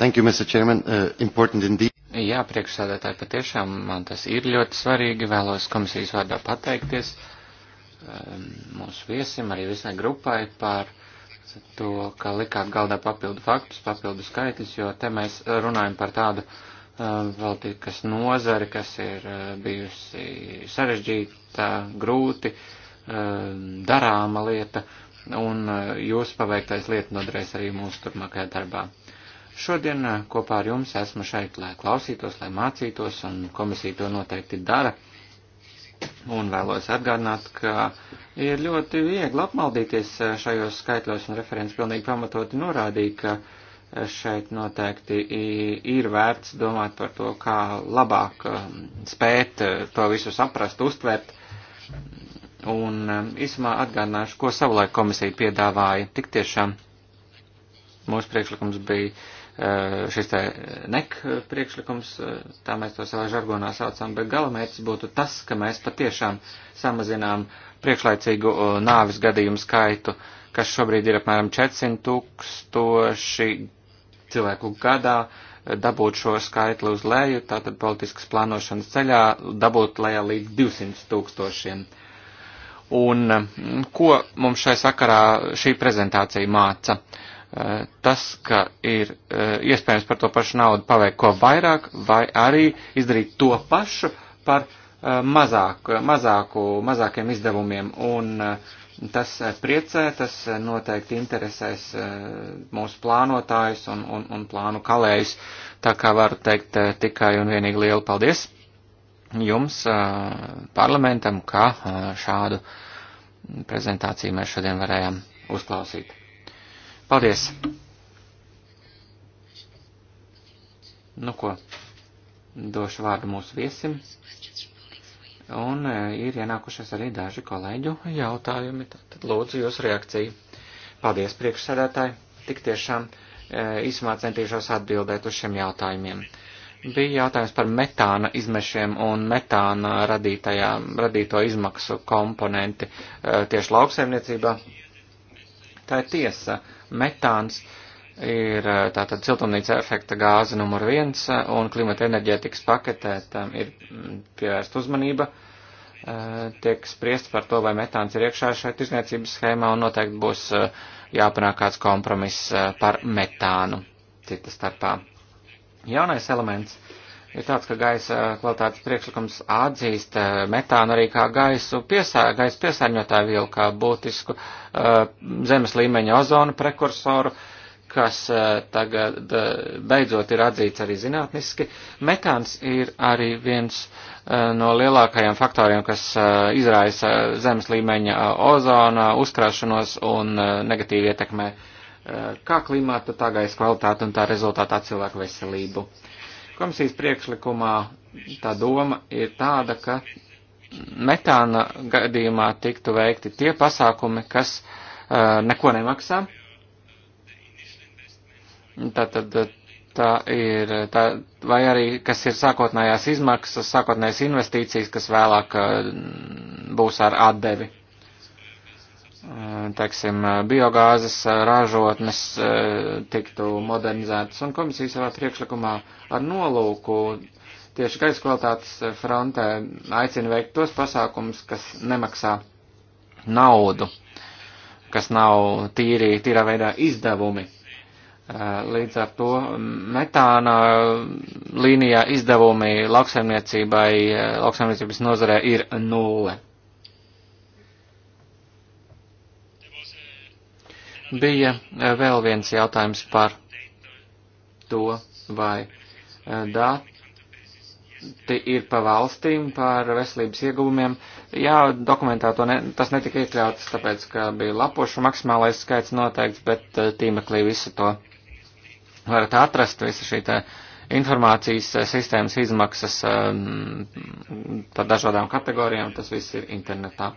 Thank you, Mr. Chairman. Uh, important indeed. Jā, priekšsādātāji, patiešām man tas ir ļoti svarīgi. Vēlos komisijas vārdā pateikties um, mūsu viesim, arī visai grupai par to, ka likāt galdā papildu faktus, papildu skaitļus, jo te mēs runājam par tādu uh, valdības nozari, kas ir bijusi sarežģīta, grūti darāma lieta, un jūsu paveiktais lieta nodarēs arī mūsu turpmākajā darbā. Šodien kopā ar jums esmu šeit, lai klausītos, lai mācītos, un komisija to noteikti dara. Un vēlos atgādināt, ka ir ļoti viegli apmaldīties šajos skaitļos, un referents pilnīgi pamatoti norādīja, ka uh, šeit noteikti ir vērts domāt par to, kā labāk um, spēt uh, to visu saprast, uztvert. Un um, īsumā atgādināšu, ko savulaik komisija piedāvāja. Tik tiešām mūsu priekšlikums bija uh, šis te nek priekšlikums, uh, tā mēs to savā žargonā saucam, bet galamērķis būtu tas, ka mēs patiešām samazinām priekšlaicīgu nāvis gadījumu skaitu kas šobrīd ir apmēram 400 tūkstoši cilvēku gadā dabūt šo skaitli uz leju, tātad politiskas plānošanas ceļā dabūt lejā līdz 200 tūkstošiem. Un mm, ko mums šai sakarā šī prezentācija māca? Eh, tas, ka ir eh, iespējams par to pašu naudu paveikt ko vairāk, vai arī izdarīt to pašu par eh, mazāku, mazāku, mazākiem izdevumiem. Un uh, Tas eh, priecē, tas eh, noteikti interesēs eh, mūsu plānotājus un, un, un plānu kalējus. Tā kā varu teikt tikai un vienīgi lielu paldies jums, parlamentam, kā šādu prezentāciju mēs šodien varējām uzklausīt. Paldies! Nu ko, došu vārdu mūsu viesim. Un e, ir ienākušies arī daži kolēģu jautājumi. Tad lūdzu jūs reakciju. Paldies priekšsēdētāji. Tik tiešām e, īsumā centīšos atbildēt uz šiem jautājumiem. Bija jautājums par metāna izmešiem un metāna radītajā, radīto izmaksu komponenti e, tieši lauksaimniecībā. Tā ir tiesa. Metāns uh, ir eh, tātad siltumnīca efekta gāze numur viens eh, un klimata enerģētikas paketē tam ir mm, pievērst uzmanība. Eh, tiek spriest par to, vai metāns ir iekšā šai tirzniecības schēmā un noteikti būs jāpanāk kāds kompromiss par metānu cita starpā. Jaunais elements ir tāds, ka gaisa kvalitātes priekšlikums atzīst metānu arī kā gaisu piesā, gaisa piesārņotāju vielu, kā būtisku zemes līmeņa ozonu prekursoru. Uh, kas eh, tagad eh, beidzot ir atzīts arī zinātniski. Metāns ir arī viens eh, no lielākajiem faktoriem, kas izraisa zemes līmeņa ozona, uzkrāšanos un negatīvi ietekmē kā klimata, tā gaisa kvalitāti un tā rezultātā cilvēku veselību. Komisijas priekšlikumā tā doma ir tāda, ka metāna gadījumā tiktu veikti tie pasākumi, kas uh, neko nemaksā, uh, Tātad eh, tā ir, eh, tā, vai arī kas ir sākotnējās izmaksas, sākotnējās investīcijas, kas vēlāk eh, būs ar atdevi. Teiksim, biogāzes ražotnes tiktu modernizētas un komisija savā priekšlikumā ar nolūku tieši gaisa kvalitātes frontē aicina veikt tos pasākumus, kas nemaksā naudu, kas nav tīri, tīrā veidā izdevumi Eh, līdz ar to metāna līnijā izdevumi lauksaimniecībai, eh, lauksaimniecības nozarē ir nulle. Bija eh, vēl viens jautājums par to, vai dati ir pa valstīm par veselības ieguvumiem. Jā, dokumentā to ne, tas netika iekļauts, tāpēc, ka bija lapošu maksimālais skaits noteikts, bet tīmeklī visu to varat atrast visu šī te informācijas eh, sistēmas izmaksas ehm, par dažādām kategorijām, tas viss ir internetā.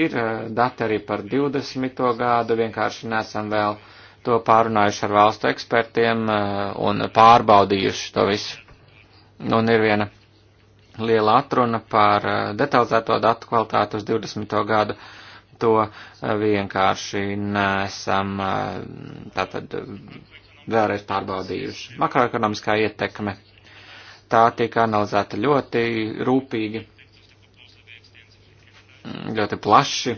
Ir eh, dati arī par 20. gadu, vienkārši nesam vēl to pārunājuši ar valstu ekspertiem eh, un pārbaudījuši to visu. Un ir viena liela atruna par detalizēto datu kvalitāti uz 20. gadu to vienkārši nesam tātad vēlreiz pārbaudījuši. Makroekonomiskā ietekme. Tā tiek analizēta ļoti rūpīgi, ļoti plaši.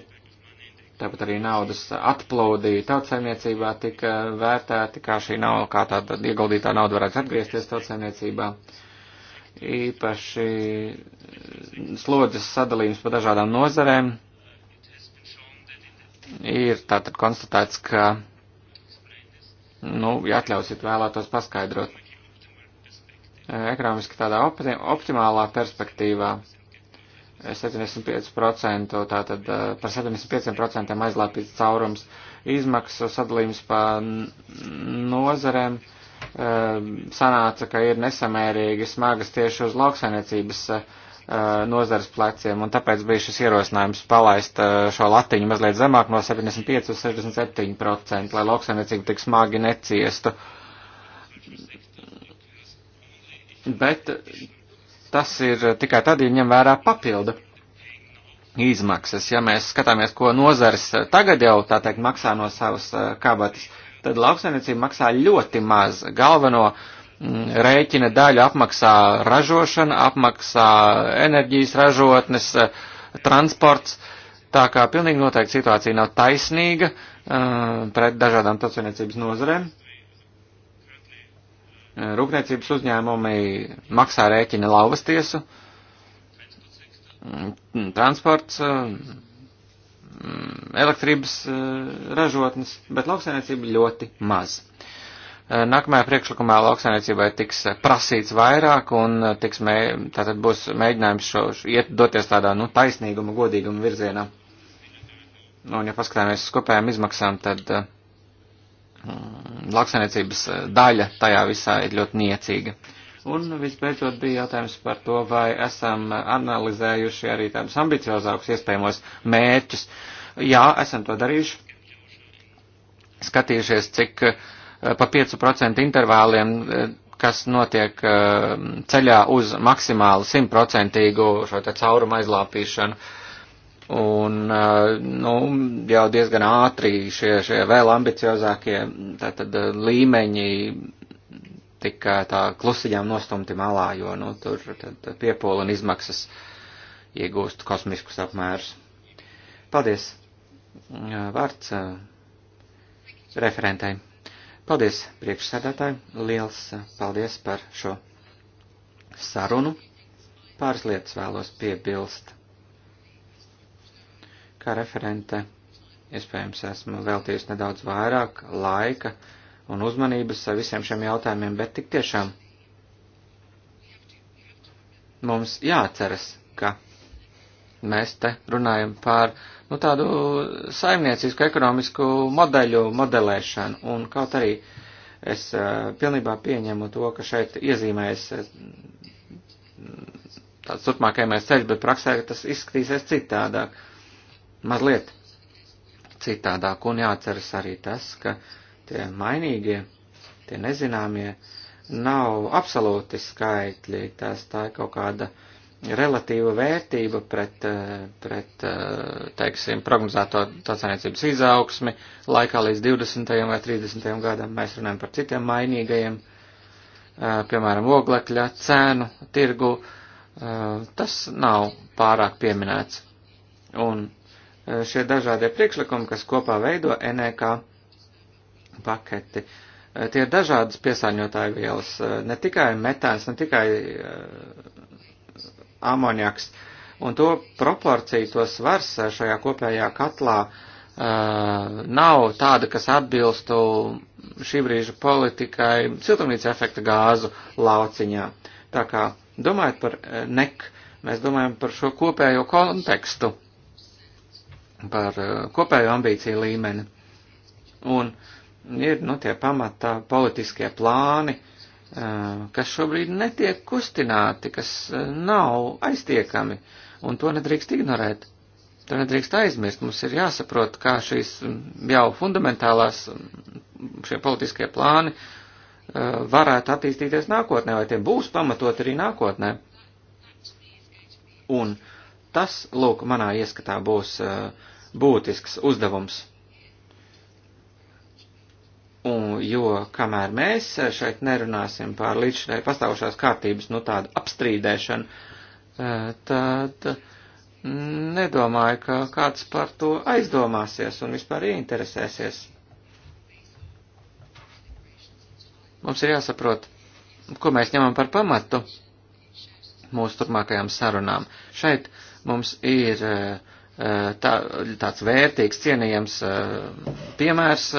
Tāpat arī naudas atplaudīja tautsēmniecībā tika vērtēti, kā šī nav, kā tāda ieguldītā nauda varētu atgriezties tautsēmniecībā. Īpaši slodzes sadalījums pa dažādām nozarēm ir tātad konstatēts, ka nu, ja atļausiet, vēlētos paskaidrot. E, ekonomiski tādā opti optimālā perspektīvā 75%, e, tātad e, par 75% aizlāpīts caurums izmaksu sadalījums pa nozarēm sanāca, ka ir nesamērīgi smagas tieši uz lauksainiecības uh, Uh, nozares pleciem, un tāpēc bija šis ierosinājums palaist uh, šo latiņu mazliet zemāk no 75 uz 67%, lai lauksaimniecība tik smagi neciestu. Bet tas ir tikai tad, ja ņem vērā papildu izmaksas. Ja mēs skatāmies, ko nozars tagad jau, tā teikt, maksā no savas uh, kabatas, tad lauksaimniecība maksā ļoti maz. Galveno uh, rēķina daļa apmaksā ražošana, apmaksā enerģijas ražotnes, eh, transports. Tā kā pilnīgi noteikti situācija nav taisnīga eh, pret dažādām tautsveiniecības nozarēm. Eh, rūpniecības uzņēmumi maksā rēķina lauvas tiesu, mm, transports, mm, elektrības ražotnes, bet lauksainiecība ļoti maz. Uh, Eh, nākamajā priekšlikumā lauksainiecībai tiks eh, prasīts vairāk un eh, tiks mē, tātad būs mēģinājums šo, šo iet, doties tādā nu, taisnīguma, godīguma virzienā. Un, ja paskatāmies uz kopējām izmaksām, tad uh, lauksainiecības daļa tajā visā ir ļoti niecīga. Un visbeidzot bija jautājums par to, vai esam analizējuši arī tādus ambiciozākus iespējamos mērķus. Jā, esam to darījuši skatījušies, cik Eh, pa 5% intervāliem, eh, kas notiek eh, ceļā uz maksimāli 100% šo te caurumu aizlāpīšanu. Un, nu, jau diezgan ātri šie, šie vēl ambiciozākie tātad, līmeņi tika tā klusiņām nostumti malā, jo, nu, tur tad piepola un izmaksas iegūst kosmiskus apmērus. Paldies! Vārds referentei. Paldies, priekšsēdētāji, liels eh, paldies par šo sarunu. Pāris lietas vēlos piebilst. Kā referente, iespējams, esmu veltījusi nedaudz vairāk laika un uzmanības visiem šiem jautājumiem, bet tik tiešām mums jāatceras, ka mēs te runājam par uh, nu, tādu saimniecisku ekonomisku modeļu modelēšanu. Un kaut arī es eh, pilnībā pieņemu to, ka šeit iezīmēs eh, tāds turpmākajamais ceļš, bet praksē tas izskatīsies citādāk. Mazliet citādāk. Un jāatceras arī tas, ka tie mainīgie, tie nezināmie nav absolūti skaitļi. Tas tā ir kaut kāda. Uh, relatīva vērtība pret, eh, pret eh, teiksim, prognozēto tautsāniecības izaugsmi laikā līdz 20. vai 30. gadam. Mēs runājam par citiem mainīgajiem, eh, piemēram, oglekļa cēnu, tirgu. Tas nav pārāk pieminēts. Un šie dažādie priekšlikumi, kas kopā veido NEK paketi, tie ir dažādas piesārņotāju vielas, ne tikai metāns, ne tikai amoniaks. Un to proporciju, to svars eh, šajā kopējā katlā uh, nav tāda, kas atbilstu šī brīža politikai siltumnīca efekta gāzu lauciņā. Tā kā domājot par eh, nek, mēs domājam par šo kopējo kontekstu, par uh, kopējo ambīciju līmeni. Un ir, nu, tie pamatā politiskie plāni, uh, Eh, kas šobrīd netiek kustināti, kas eh, nav aiztiekami, un to nedrīkst ignorēt. To nedrīkst aizmirst. Mums ir jāsaprot, kā šīs mm, jau fundamentālās mm, šie politiskie plāni eh, varētu attīstīties nākotnē, vai tie būs pamatot arī nākotnē. Un tas, lūk, manā ieskatā būs būtisks uzdevums Un, jo kamēr mēs šeit nerunāsim par līdzšai pastāvošās kārtības, nu tādu apstrīdēšanu, eh, tad nedomāju, ka kāds par to aizdomāsies un vispār ieinteresēsies. Mums ir jāsaprot, ko mēs ņemam par pamatu mūsu turpmākajām sarunām. Šeit mums ir eh, eh, tā, tāds vērtīgs, cienījams piemērs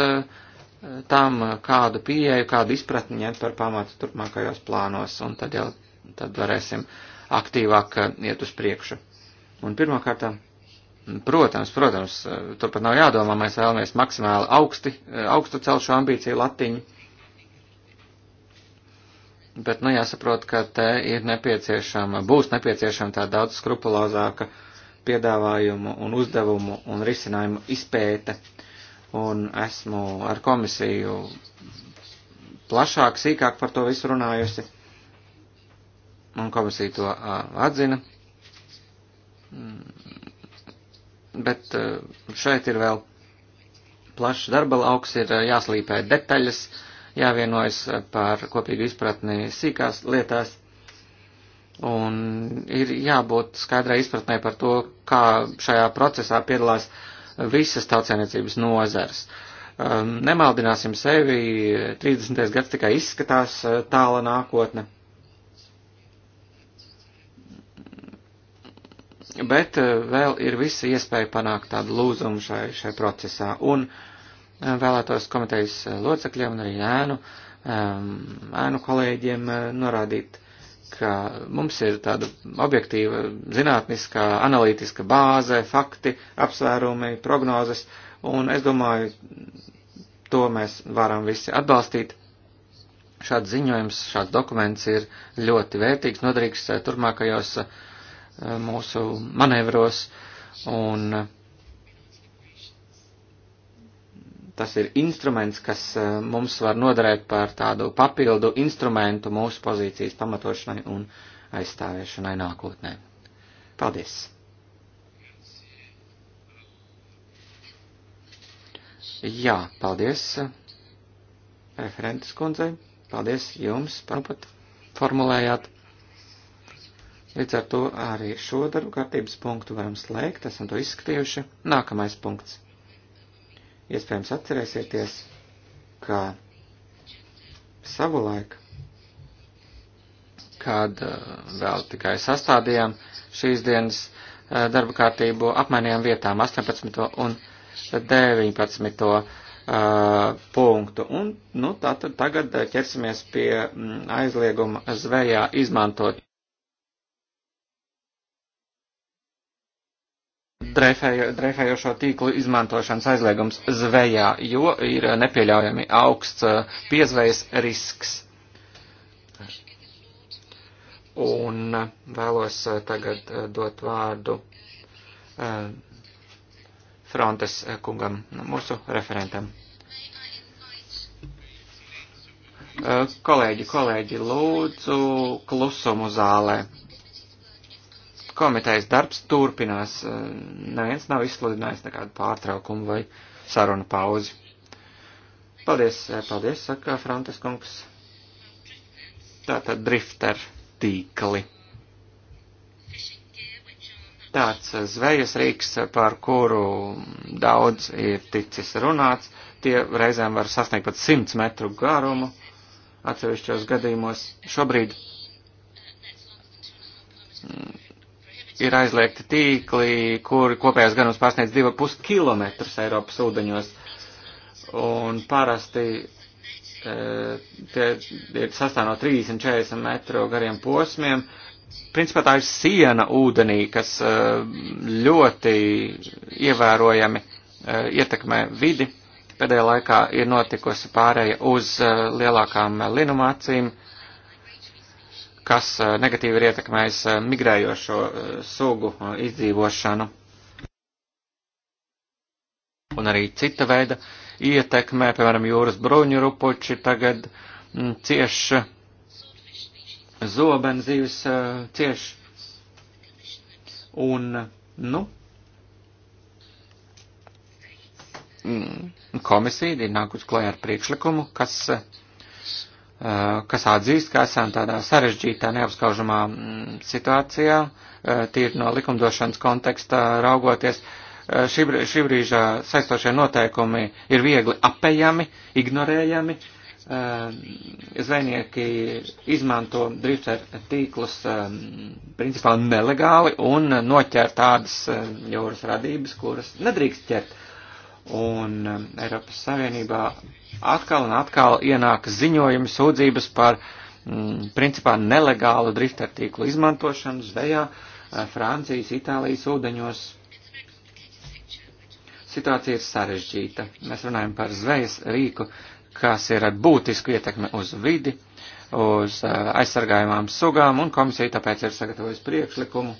tam, kādu pieeju, kādu izpratni ņemt par pamatu turpmākajos plānos, un tad jau tad varēsim aktīvāk uh, iet uz priekšu. Un pirmkārt, uh, protams, protams, uh, tur pat nav jādomā, mēs vēlamies maksimāli augsti, augstu celšu ambīciju latiņu. Bet, nu, jāsaprot, ka te ir nepieciešama, būs nepieciešama tā daudz skrupulozāka piedāvājumu un uzdevumu un risinājumu izpēte. Uh, un esmu ar komisiju plašāk, sīkāk par to visu runājusi, un komisija to atzina. Mm, bet šeit ir vēl plašs darba lauks, ir jāslīpē detaļas, jāvienojas par kopīgu izpratni sīkās lietās, un ir jābūt skaidrai izpratnē par to, kā šajā procesā piedalās uh, visas tautsēniecības nozars. Um, nemaldināsim sevi, 30. gads tikai izskatās uh, tāla nākotne. Bet uh, vēl ir visa iespēja panākt tādu lūzumu šai, šai procesā. Un uh, vēlētos komitejas locekļiem un arī ēnu, um, ēnu kolēģiem norādīt ka mums ir tāda objektīva, zinātniskā, analītiska bāze, fakti, apsvērumi, prognozes, un es domāju, to mēs varam visi atbalstīt. Šāds ziņojums, šāds dokuments ir ļoti vērtīgs, noderīgs eh, turpmākajos eh, mūsu manevros, un tas ir instruments, kas eh, mums var noderēt par tādu papildu instrumentu mūsu pozīcijas pamatošanai un aizstāvēšanai nākotnē. Paldies! Jā, paldies eh, referentes kundzei, paldies jums par pat formulējāt. Līdz ar to arī šo darbu kārtības punktu varam slēgt, esam to izskatījuši. Nākamais punkts. Iespējams atcerēsieties, ka savulaik, kad uh, vēl tikai sastādījām šīs dienas uh, darba kārtību, apmainījām vietām 18. un 19. Uh, punktu. Un, nu, tātad tagad uh, ķersimies pie mm, aizlieguma zvejā izmantot dreifējo, dreifējošo tīklu izmantošanas aizliegums zvejā, jo ir nepieļaujami augsts uh, piezvejas risks. Un uh, vēlos uh, tagad dot vārdu Frontes kungam, mūsu referentam. Kolēģi, kolēģi, lūdzu klusumu zālē komitejas darbs turpinās. Eh, neviens nav izsludinājis nekādu pārtraukumu vai sarunu pauzi. Paldies, eh, paldies, saka Frantis kungs. Tātad drifter tīkli. Tāds eh, zvejas rīks, par kuru daudz ir ticis runāts, tie reizēm var sasniegt pat 100 metru garumu atsevišķos gadījumos. Šobrīd ir aizliegti tīkli, kuri kopējās ganums pārsniedz 2,5 km Eiropas ūdeņos. Un parasti e, tie ir sastāv no 30-40 metru gariem posmiem. Principā tā ir siena ūdenī, kas e, ļoti ievērojami e, ietekmē vidi. Pēdējā laikā ir notikusi pārēja uz e, lielākām linumācīm. E, kas eh, negatīvi ir ietekmējis eh, migrējošo eh, sugu izdzīvošanu. Un arī cita veida ietekmē, piemēram, jūras bruņu rupuči tagad mm, cieš zoben zīves cieš. Un, nu, mm, komisija ir nākus klajā ar priekšlikumu, kas Eh, kas atzīst, ka esam tādā sarežģītā, neapskaužamā mm, situācijā, eh, tīri no likumdošanas konteksta raugoties. Eh, šī, šī brīža saistošie noteikumi ir viegli apējami, ignorējami. Zvejnieki izmanto drifter tīklus principā nelegāli un noķer tādas jūras radības, kuras nedrīkst ķert. Un Eiropas Savienībā atkal un atkal ienāk ziņojumi sūdzības par m, mm, principā nelegālu driftartīklu izmantošanu zvejā eh, Francijas, Itālijas ūdeņos. Situācija ir sarežģīta. Mēs runājam par zvejas rīku, kas ir ar būtisku ietekmi uz vidi, uz eh, aizsargājumām sugām, un komisija tāpēc ir sagatavojusi priekšlikumu,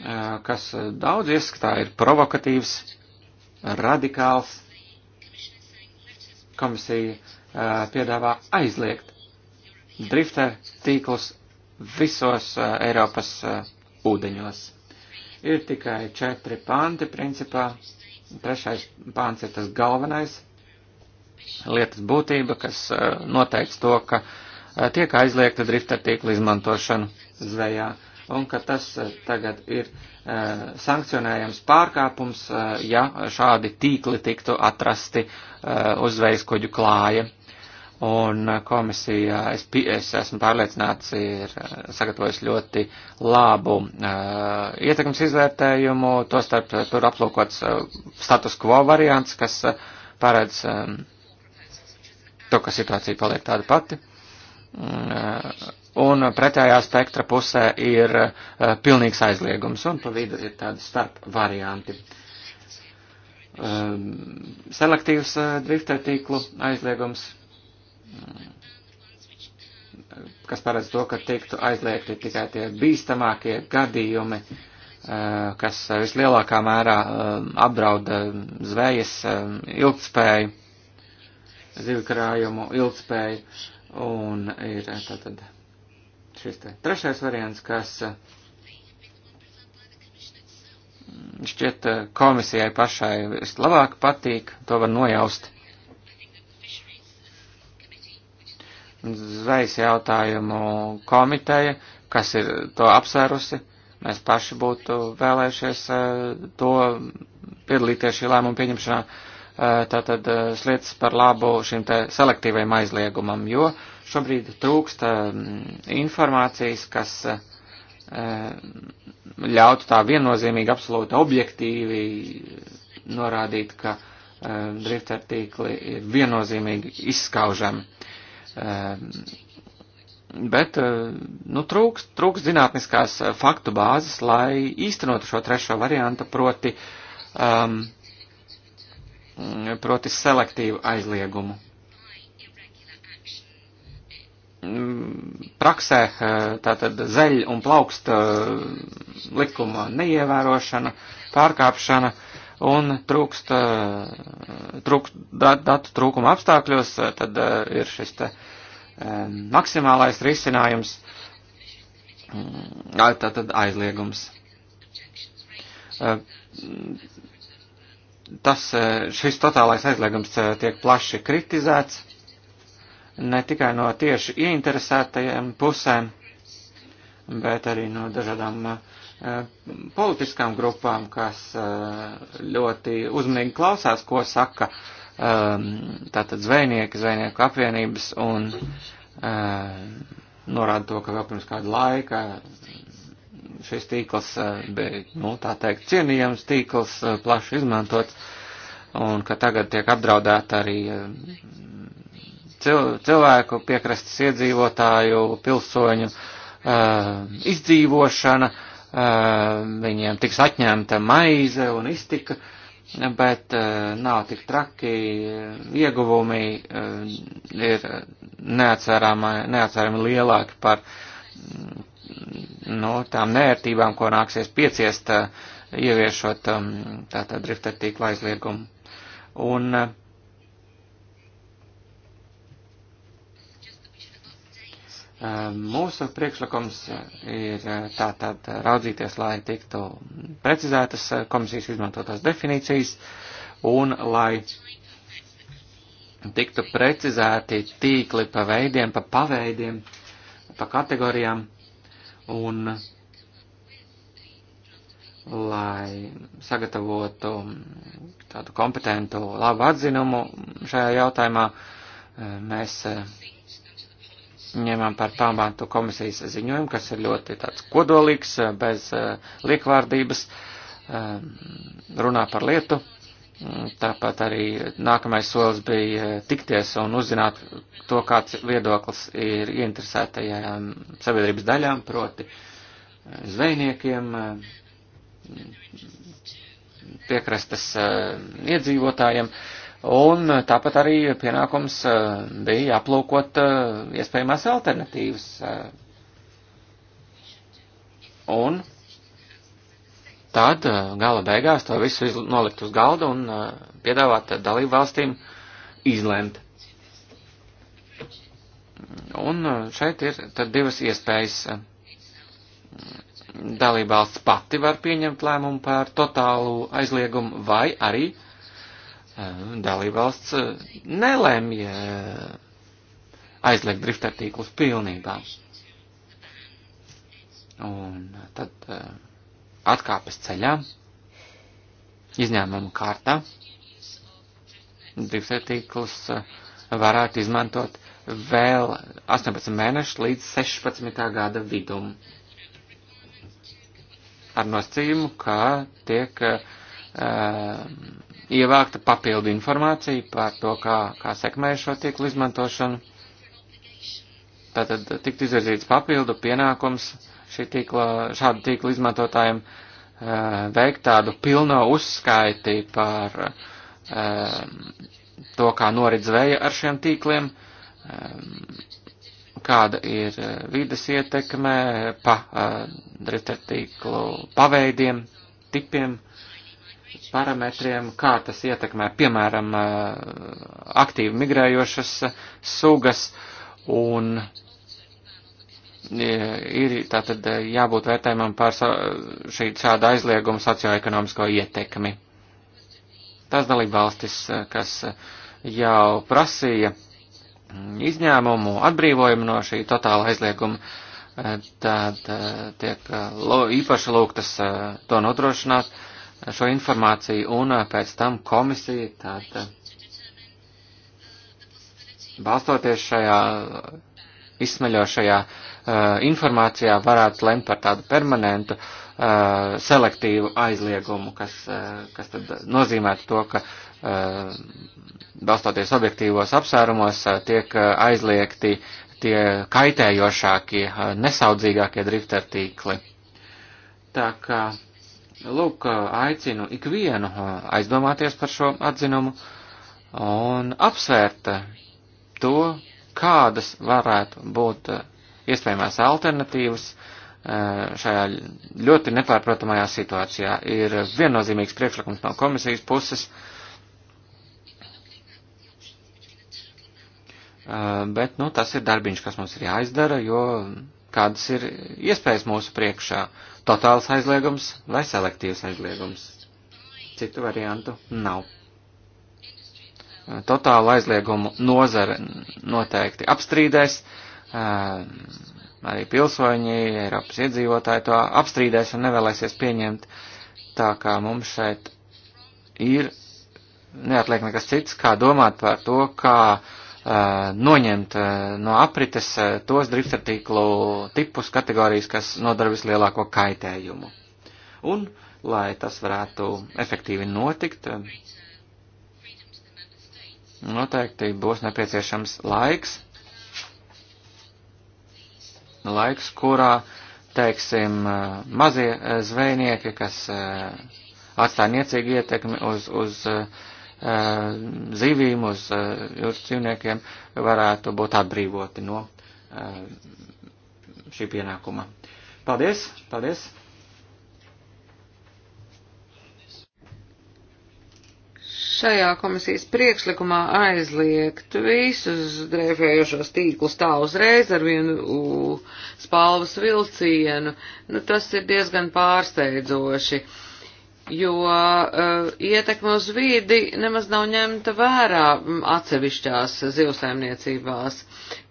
eh, kas daudz ieskatā ir provokatīvs radikāls. Komisija uh, piedāvā aizliegt drifter tīklus visos uh, Eiropas uh, ūdeņos. Ir tikai četri panti principā. Trešais pants ir tas galvenais lietas būtība, kas uh, noteiks to, ka uh, tiek aizliegta drifter tīkla izmantošana zvejā. Uh, un ka tas eh, tagad ir eh, sankcionējams pārkāpums, eh, ja šādi tīkli tiktu atrasti uz veizkoģu klāja. Un komisija, es, es esmu pārliecināts, ir sagatavojis ļoti labu uh, ietekmes izvērtējumu, tostarp tur aplūkots uh, status quo variants, kas uh, paredz um, to, ka situācija paliek tāda pati. Uh, un pretējā spektra pusē ir uh, pilnīgs aizliegums, un pa vidu ir tādi starp varianti. Um, ehm, selektīvs uh, eh, drifter tīklu aizliegums, mm, kas paredz to, ka tiktu aizliegti tikai tie bīstamākie gadījumi, uh, kas vislielākā mērā uh, ehm, apdrauda ehm, zvejas uh, ilgtspēju, zivkrājumu ilgtspēju, un ir tātad. Uh, šis te trešais variants, kas mm, šķiet eh, komisijai pašai vislabāk patīk, to var nojaust. Zvejas jautājumu komiteja, kas ir to apsvērusi, mēs paši būtu vēlējušies eh, to piedalīties šī lēmuma pieņemšanā, eh, tātad slietas par labu šim te selektīvajam aizliegumam, jo uh, Šobrīd trūksta um, informācijas, kas uh, ļautu tā viennozīmīgi, absolūti objektīvi norādīt, ka um, drifter tīkli ir viennozīmīgi izskaužami. Um, bet, uh, nu, trūks, trūks zinātniskās uh, faktu bāzes, lai īstenotu šo trešo variantu, proti, um, proti selektīvu aizliegumu praksē eh, tātad zeļ un plauksta eh, likuma neievērošana, pārkāpšana un trūkst, eh, trūkst datu trūkuma apstākļos, tad ir šis te maksimālais risinājums, mm, tātad aizliegums. Tas, šis totālais aizliegums tiek plaši kritizēts ne tikai no tieši ieinteresētajiem pusēm, bet arī no dažādām eh, politiskām grupām, kas eh, ļoti uzmanīgi klausās, ko saka ehm, tātad zvejnieki, zvejnieku apvienības un eh, norāda to, ka vēl pirms kāda laika šis tīkls bija, nu, tā teikt, cienījams tīkls, plaši izmantots, un ka tagad tiek apdraudēta arī cil, cilvēku, piekrastes iedzīvotāju, pilsoņu eh, izdzīvošana, eh, viņiem tiks atņemta maize un iztika, bet eh, nav tik traki ieguvumi ir neatcerami lielāki par mm, nu, tām nērtībām, ko nāksies pieciest, ieviešot mm, tātad drifta tīkla aizliegumu. Un uh, Ehm, mūsu priekšlikums eh, ir eh, tātad raudzīties, lai tiktu precizētas eh, komisijas izmantotās definīcijas un lai tiktu precizēti tīkli pa veidiem, pa paveidiem, pa kategorijām un lai sagatavotu mm, tādu kompetentu labu atzinumu šajā jautājumā. Ehm, mēs ņemam par pamatu komisijas ziņojumu, kas ir ļoti tāds kodolīgs, eh, bez eh, liekvārdības, eh, runā par lietu. Mm, tāpat arī nākamais solis bija tikties un uzzināt to, kāds viedoklis ir ieinteresētajām sabiedrības daļām, proti zvejniekiem, piekrastes iedzīvotājiem. Uh, Un eh, tāpat arī pienākums eh, bija aplūkot eh, iespējamās alternatīvas. Un tad gala beigās to visu nolikt uz galda un piedāvāt dalību valstīm izlemt. Un šeit ir tad divas iespējas. Dalībvalsts pati var pieņemt lēmumu par totālu aizliegumu vai arī uh, Eh, dalībvalsts eh, nelēmj aizliegt driftartīklus pilnībā. Un tad eh, atkāpes ceļā, izņēmuma kārtā, driftartīklus varētu izmantot vēl 18 mēnešus līdz 16. gada vidum. Ar nosacījumu, ka tiek uh, ievākta papildu informācija par to, kā, kā sekmēja šo tīklu izmantošanu. Tātad tikt izvirzīts papildu pienākums šī tīkla, šādu tīklu izmantotājiem uh, veikt tādu pilno uzskaiti par uh, to, kā norit zveja ar šiem tīkliem, um, kāda ir vides ietekme pa uh, drifter tīklu paveidiem, tipiem parametriem, kā tas ietekmē, piemēram, eh, aktīvi migrējošas sugas, un eh, ir tātad eh, jābūt vērtējumam par šī šāda aizlieguma socioekonomisko ietekmi. Tas dalībvalstis, kas jau prasīja izņēmumu, atbrīvojumu no šī totāla aizlieguma, tad tiek īpaši lūgtas to nodrošināt šo informāciju un eh, pēc tam komisija tātad eh, balstoties šajā eh, izsmeļošajā uh, informācijā varētu lemt par tādu permanentu uh, selektīvu aizliegumu, kas, uh, kas tad nozīmētu to, ka balstoties objektīvos apsvērumos tiek aizliegti tie kaitējošākie, nesaudzīgākie drifter tīkli. Tā kā Lūk, aicinu ikvienu aizdomāties par šo atzinumu un apsvērt to, kādas varētu būt iespējamās alternatīvas šajā ļoti nepārprotamajā situācijā. Ir viennozīmīgs priekšlikums no komisijas puses, bet nu, tas ir darbiņš, kas mums ir jāizdara, jo kādas ir iespējas mūsu priekšā. Uh, totāls aizliegums vai selektīvs aizliegums. Citu variantu nav. Totālu aizliegumu nozare noteikti apstrīdēs, ehm, arī pilsoņi, Eiropas iedzīvotāji to apstrīdēs un nevēlēsies pieņemt, tā kā mums šeit ir neatliek nekas cits, kā domāt par to, kā uh, noņemt no aprites tos driftartīklu tipus kategorijas, kas nodara vislielāko kaitējumu. Un, lai tas varētu efektīvi notikt, noteikti būs nepieciešams laiks, laiks, kurā, teiksim, mazie zvejnieki, kas atstāja niecīgu ietekmi uz, uz uh, zivīm, uz jūras dzīvniekiem varētu būt atbrīvoti no šī pienākuma. Paldies! Paldies! Šajā komisijas priekšlikumā aizliegt visus dreifējošos tīklus tā uzreiz ar vienu spalvas vilcienu, nu tas ir diezgan pārsteidzoši. Uh, jo uh, ietekme uz vīdi nemaz nav ņemta vērā mm, atsevišķās zivsaimniecībās.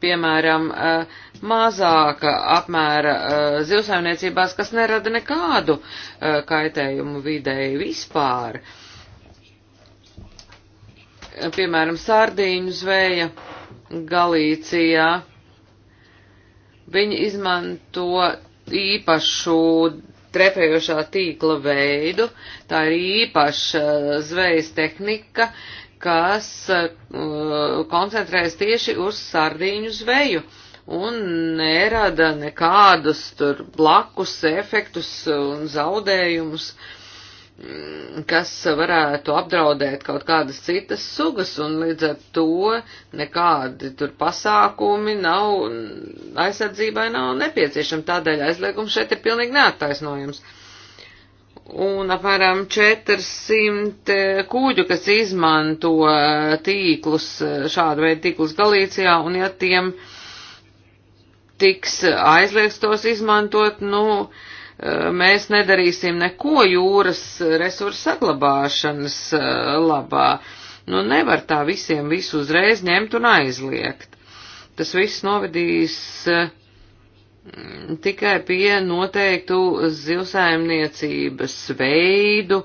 Piemēram, uh, mazāka apmēra uh, zivsaimniecībās, kas nerada nekādu uh, kaitējumu videi vispār. Piemēram, sārdīņu zveja Galīcijā. Viņi izmanto īpašu trepējošā tīkla veidu. Tā ir īpaša uh, zvejas tehnika, kas uh, uh, koncentrējas tieši uz sardīņu zveju un nerada nekādus tur blakus efektus un zaudējumus. Uh, Mm, kas varētu apdraudēt kaut kādas citas sugas, un līdz ar to nekādi tur pasākumi nav, aizsardzībai nav nepieciešami, tādēļ aizliegums šeit ir pilnīgi neattaisnojums. Un apmēram 400 eh, kūģu, kas izmanto eh, tīklus, eh, šādu veidu tīklus Galīcijā, un ja tiem tiks aizliegts tos izmantot, nu, uh, mēs nedarīsim neko jūras resursu saglabāšanas eh, labā. Nu, nevar tā visiem visu uzreiz ņemt un aizliegt. Tas viss novedīs eh, tikai pie noteiktu zivsaimniecības veidu,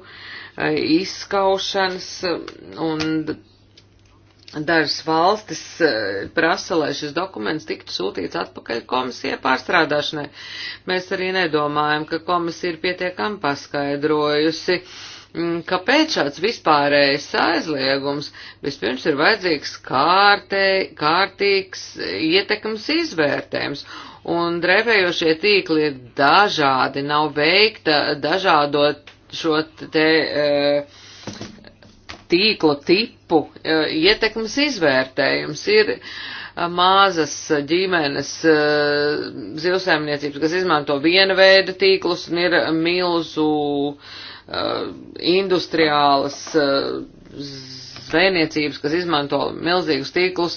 eh, izskaušanas, un dažas valstis eh, prasa, lai šis dokuments tiktu sūtīts atpakaļ komisijai pārstrādāšanai. Mēs arī nedomājam, ka komisija ir pietiekami paskaidrojusi, mm, kāpēc šāds vispārējais aizliegums. Vispirms ir vajadzīgs kārtē, kārtīgs ietekmes izvērtējums. Un drēbējošie tīkli ir dažādi, nav veikta dažādot šo te. Uh, tīkla tipu e, ietekmes izvērtējums ir e, mazas ģimenes e, zivsēmniecības, kas izmanto viena veida tīklus un ir milzu industriālas zvejniecības, kas izmanto milzīgus tīklus.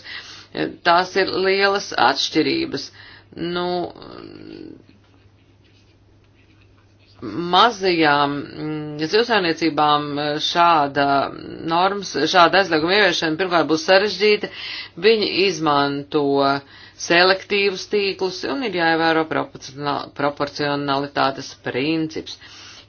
Tās ir lielas atšķirības. Nu, mazajām mm, zivsainiecībām e, šāda normas, šāda aizlieguma ieviešana pirmkārt būs sarežģīta, viņi izmanto selektīvus tīklus un ir jāievēro proporcionalitātes princips,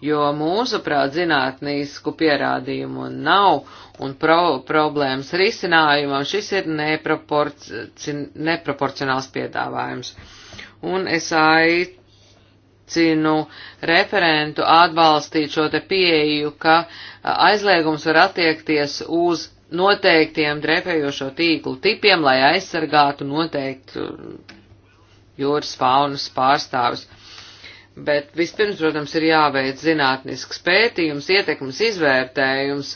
jo mūsuprāt zinātnīsku pierādījumu nav un pro problēmas risinājumam šis ir neproporci neproporcionāls piedāvājums. Un es aicu aicinu referentu atbalstīt šo te pieeju, ka aizliegums var attiekties uz noteiktiem drepējošo tīklu tipiem, lai aizsargātu noteiktu jūras faunas pārstāvis. Bet vispirms, protams, ir jāveic zinātnisks pētījums, ietekmes izvērtējums,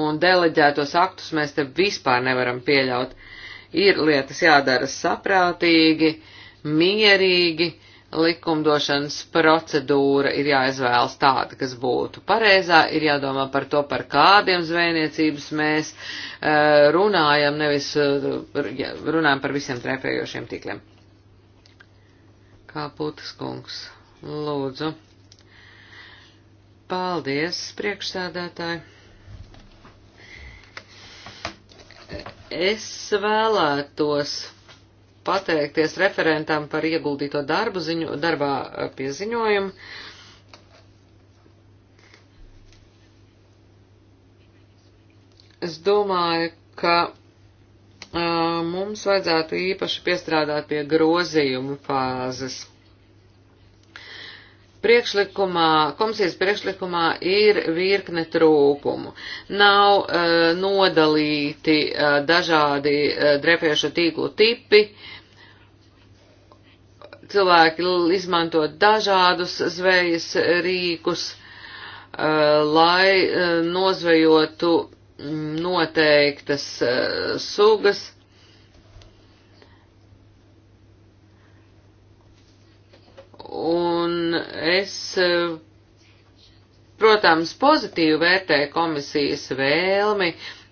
un deleģētos aktus mēs te vispār nevaram pieļaut. Ir lietas jādara saprātīgi, mierīgi, likumdošanas procedūra ir jāizvēlas tāda, kas būtu pareizā, ir jādomā par to, par kādiem zvejniecības mēs eh, runājam, nevis eh, runājam par visiem trēpējošiem tikliem. Kā putas kungs, lūdzu. Paldies, priekšsēdētāji. Es vēlētos pateikties referentam par ieguldīto darbu ziņo, darbā eh, pie ziņojuma. Es domāju, ka uh, mums vajadzētu īpaši piestrādāt pie grozījumu fāzes priekšlikumā, komisijas priekšlikumā ir virkne trūkumu. Nav uh, nodalīti uh, dažādi uh, drepiešu tīklu tipi. Cilvēki izmanto dažādus zvejas rīkus, uh, lai uh, nozvejotu noteiktas uh, sugas. Un Un es, protams, pozitīvi vērtēju komisijas vēlmi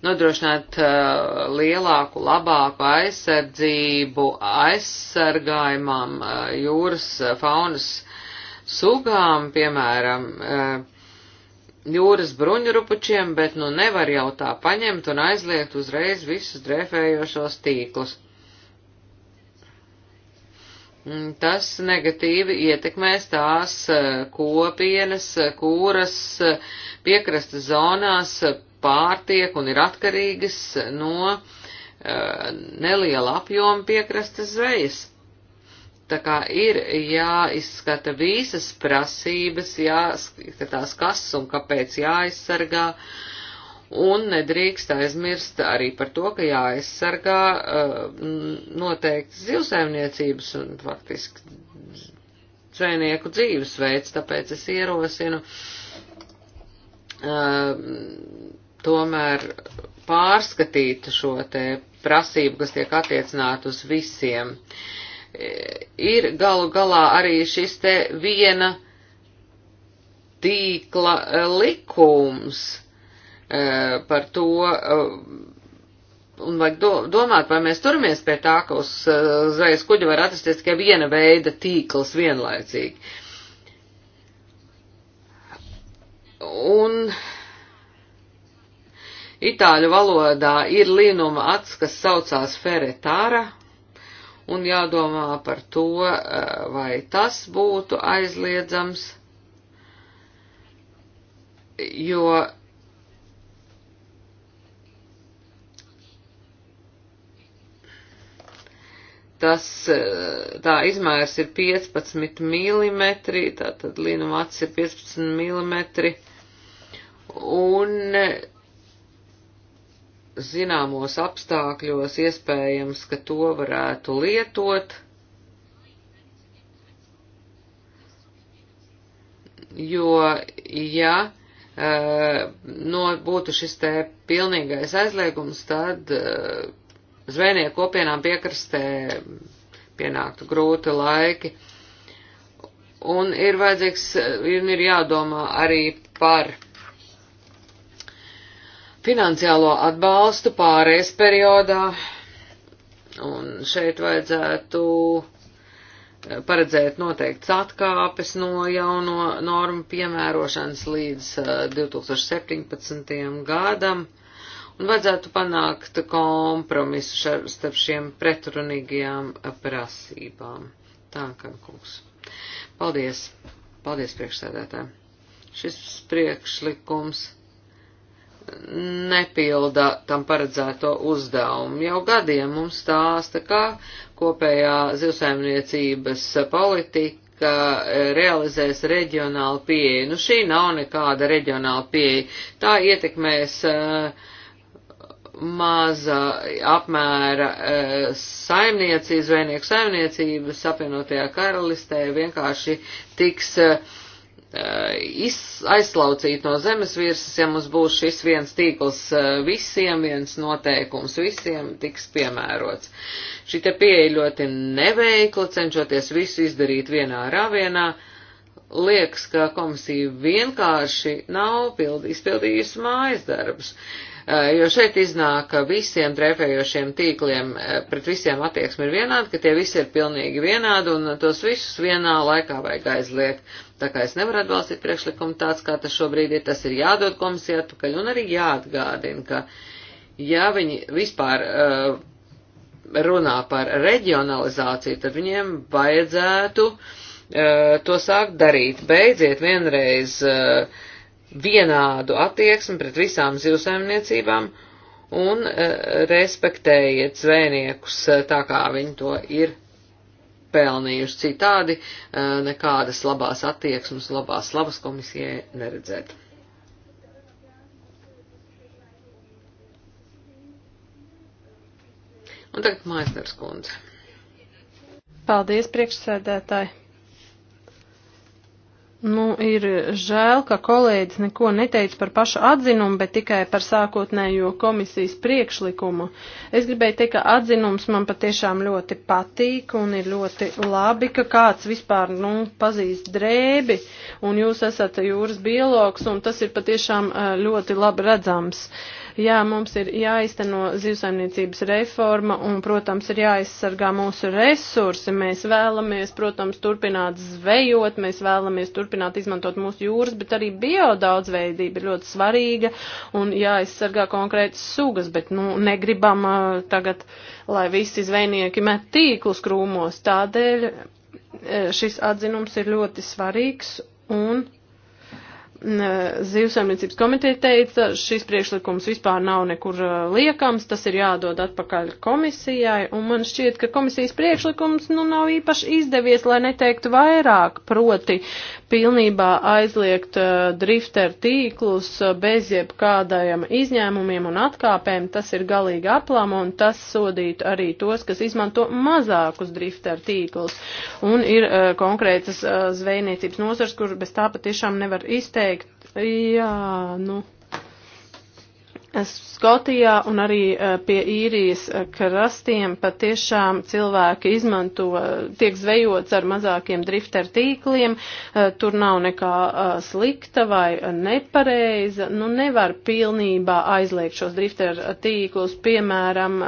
nodrošināt uh, lielāku, labāku aizsardzību aizsargājumam uh, jūras uh, faunas sugām, piemēram, uh, jūras bruņurupučiem, bet nu nevar jau tā paņemt un aizliegt uzreiz visus drēfējošos tīklus. Mm, tas negatīvi ietekmēs tās eh, kopienas, eh, kuras eh, piekrastes zonās pārtiek un ir atkarīgas no neliela apjoma piekrastes zvejas. Tā kā ir jāizskata visas prasības, jāskatās, kas un kāpēc jāaizsargā. Uh, Un nedrīkst aizmirst arī par to, ka jāaizsargā uh, noteikti zivsaimniecības un faktiski zvejnieku dzīvesveids, tāpēc es ierosinu uh, tomēr pārskatīt šo te prasību, kas tiek attiecināta uz visiem. Eh, ir galu galā arī šis te viena tīkla likums E, par to, e, un vajag do, domāt, vai mēs turamies pie tā, ka uz e, zvejas kuģa var atrasties tikai viena veida tīkls vienlaicīgi. Un itāļu valodā ir līnuma ats, kas saucās feretāra, un jādomā par to, vai tas būtu aizliedzams, jo tas, eh, tā izmērs ir 15 mm, tātad līnuma acis ir 15 mm, un eh, zināmos apstākļos iespējams, ka to varētu lietot, jo, ja eh, no, būtu šis te pilnīgais aizliegums, tad zvejnieku kopienām piekrastē pienāktu grūti laiki. Un ir vajadzīgs, un ir jādomā arī par finansiālo atbalstu pārējais periodā. Un šeit vajadzētu paredzēt noteikts atkāpes no jauno normu piemērošanas līdz 2017. Eh, gadam vajadzētu panākt kompromisu starp šiem pretrunīgajām prasībām. Tā kā kungs. Paldies. Paldies priekšsēdētājiem. Šis priekšlikums nepilda tam paredzēto uzdevumu. Jau gadiem mums stāsta, kā kopējā zivsaimniecības politika realizēs reģionālu pieeju. Nu, šī nav nekāda reģionāla pieeja. Tā ietekmēs uh, maza apmēra e, saimniecības, zvejnieku saimniecības apvienotajā karalistē vienkārši tiks e, e, aizslaucīt no zemes virsmas, ja mums būs šis viens tīkls visiem, viens noteikums visiem tiks piemērots. Šī te pieeja ļoti neveikla, cenšoties visu izdarīt vienā rāvienā. Liekas, ka komisija vienkārši nav pild, izpildījusi mājas darbus. Uh, Eh, jo šeit iznāk, ka visiem drēpējošiem tīkliem eh, pret visiem attieksmi ir vienāda, ka tie visi ir pilnīgi vienādi un tos visus vienā laikā vajag aizliegt. Tā kā es nevaru atbalstīt priekšlikumu tāds, kā tas šobrīd ir, tas ir jādod komisijā atpakaļ un arī jāatgādina, ka ja viņi vispār uh, runā par reģionalizāciju, tad viņiem vajadzētu uh, to sākt darīt. Beidziet vienreiz. Uh, vienādu attieksmi pret visām zivsaimniecībām un e, respektējiet zvejniekus e, tā, kā viņi to ir pelnījuši. Citādi e, nekādas labās attieksmes, labās labas komisijai neredzēt. Un tagad Maisners kundze. Paldies, priekšsēdētāji! Nu, ir žēl, ka kolēģis neko neteica par pašu atzinumu, bet tikai par sākotnējo komisijas priekšlikumu. Es gribēju teikt, ka atzinums man patiešām ļoti patīk un ir ļoti labi, ka kāds vispār, nu, pazīst drēbi un jūs esat jūras biologs un tas ir patiešām eh, ļoti labi redzams. Uh, Jā, mums ir jāizteno zivsaimniecības reforma un, protams, ir jāaizsargā mūsu resursi. Mēs vēlamies, protams, turpināt zvejot, mēs vēlamies turpināt izmantot mūsu jūras, bet arī biodaudzveidība ir ļoti svarīga un jāaizsargā konkrētas sugas, bet, nu, negribam uh, tagad, lai visi zvejnieki met tīklus krūmos. Tādēļ šis atzinums ir ļoti svarīgs un Zivsaimniecības komiteja teica, šis priekšlikums vispār nav nekur uh, liekams, tas ir jādod atpakaļ komisijai, un man šķiet, ka komisijas priekšlikums nu nav īpaši izdevies, lai neteiktu vairāk, proti pilnībā aizliegt uh, drifter tīklus uh, bez jebkādajiem izņēmumiem un atkāpēm, tas ir galīgi aplam un tas sodītu arī tos, kas izmanto mazākus drifter tīklus. Un ir uh, konkrētas uh, zvejniecības nozars, kur bez tā patiešām nevar izteikt. Jā, nu. Skotijā un arī eh, pie īrijas eh, krastiem patiešām cilvēki izmanto, eh, tiek zvejots ar mazākiem drifter tīkliem, tur nav nekā slikta vai nepareiza, nu nevar pilnībā aizliegt šos drifter tīklus, piemēram,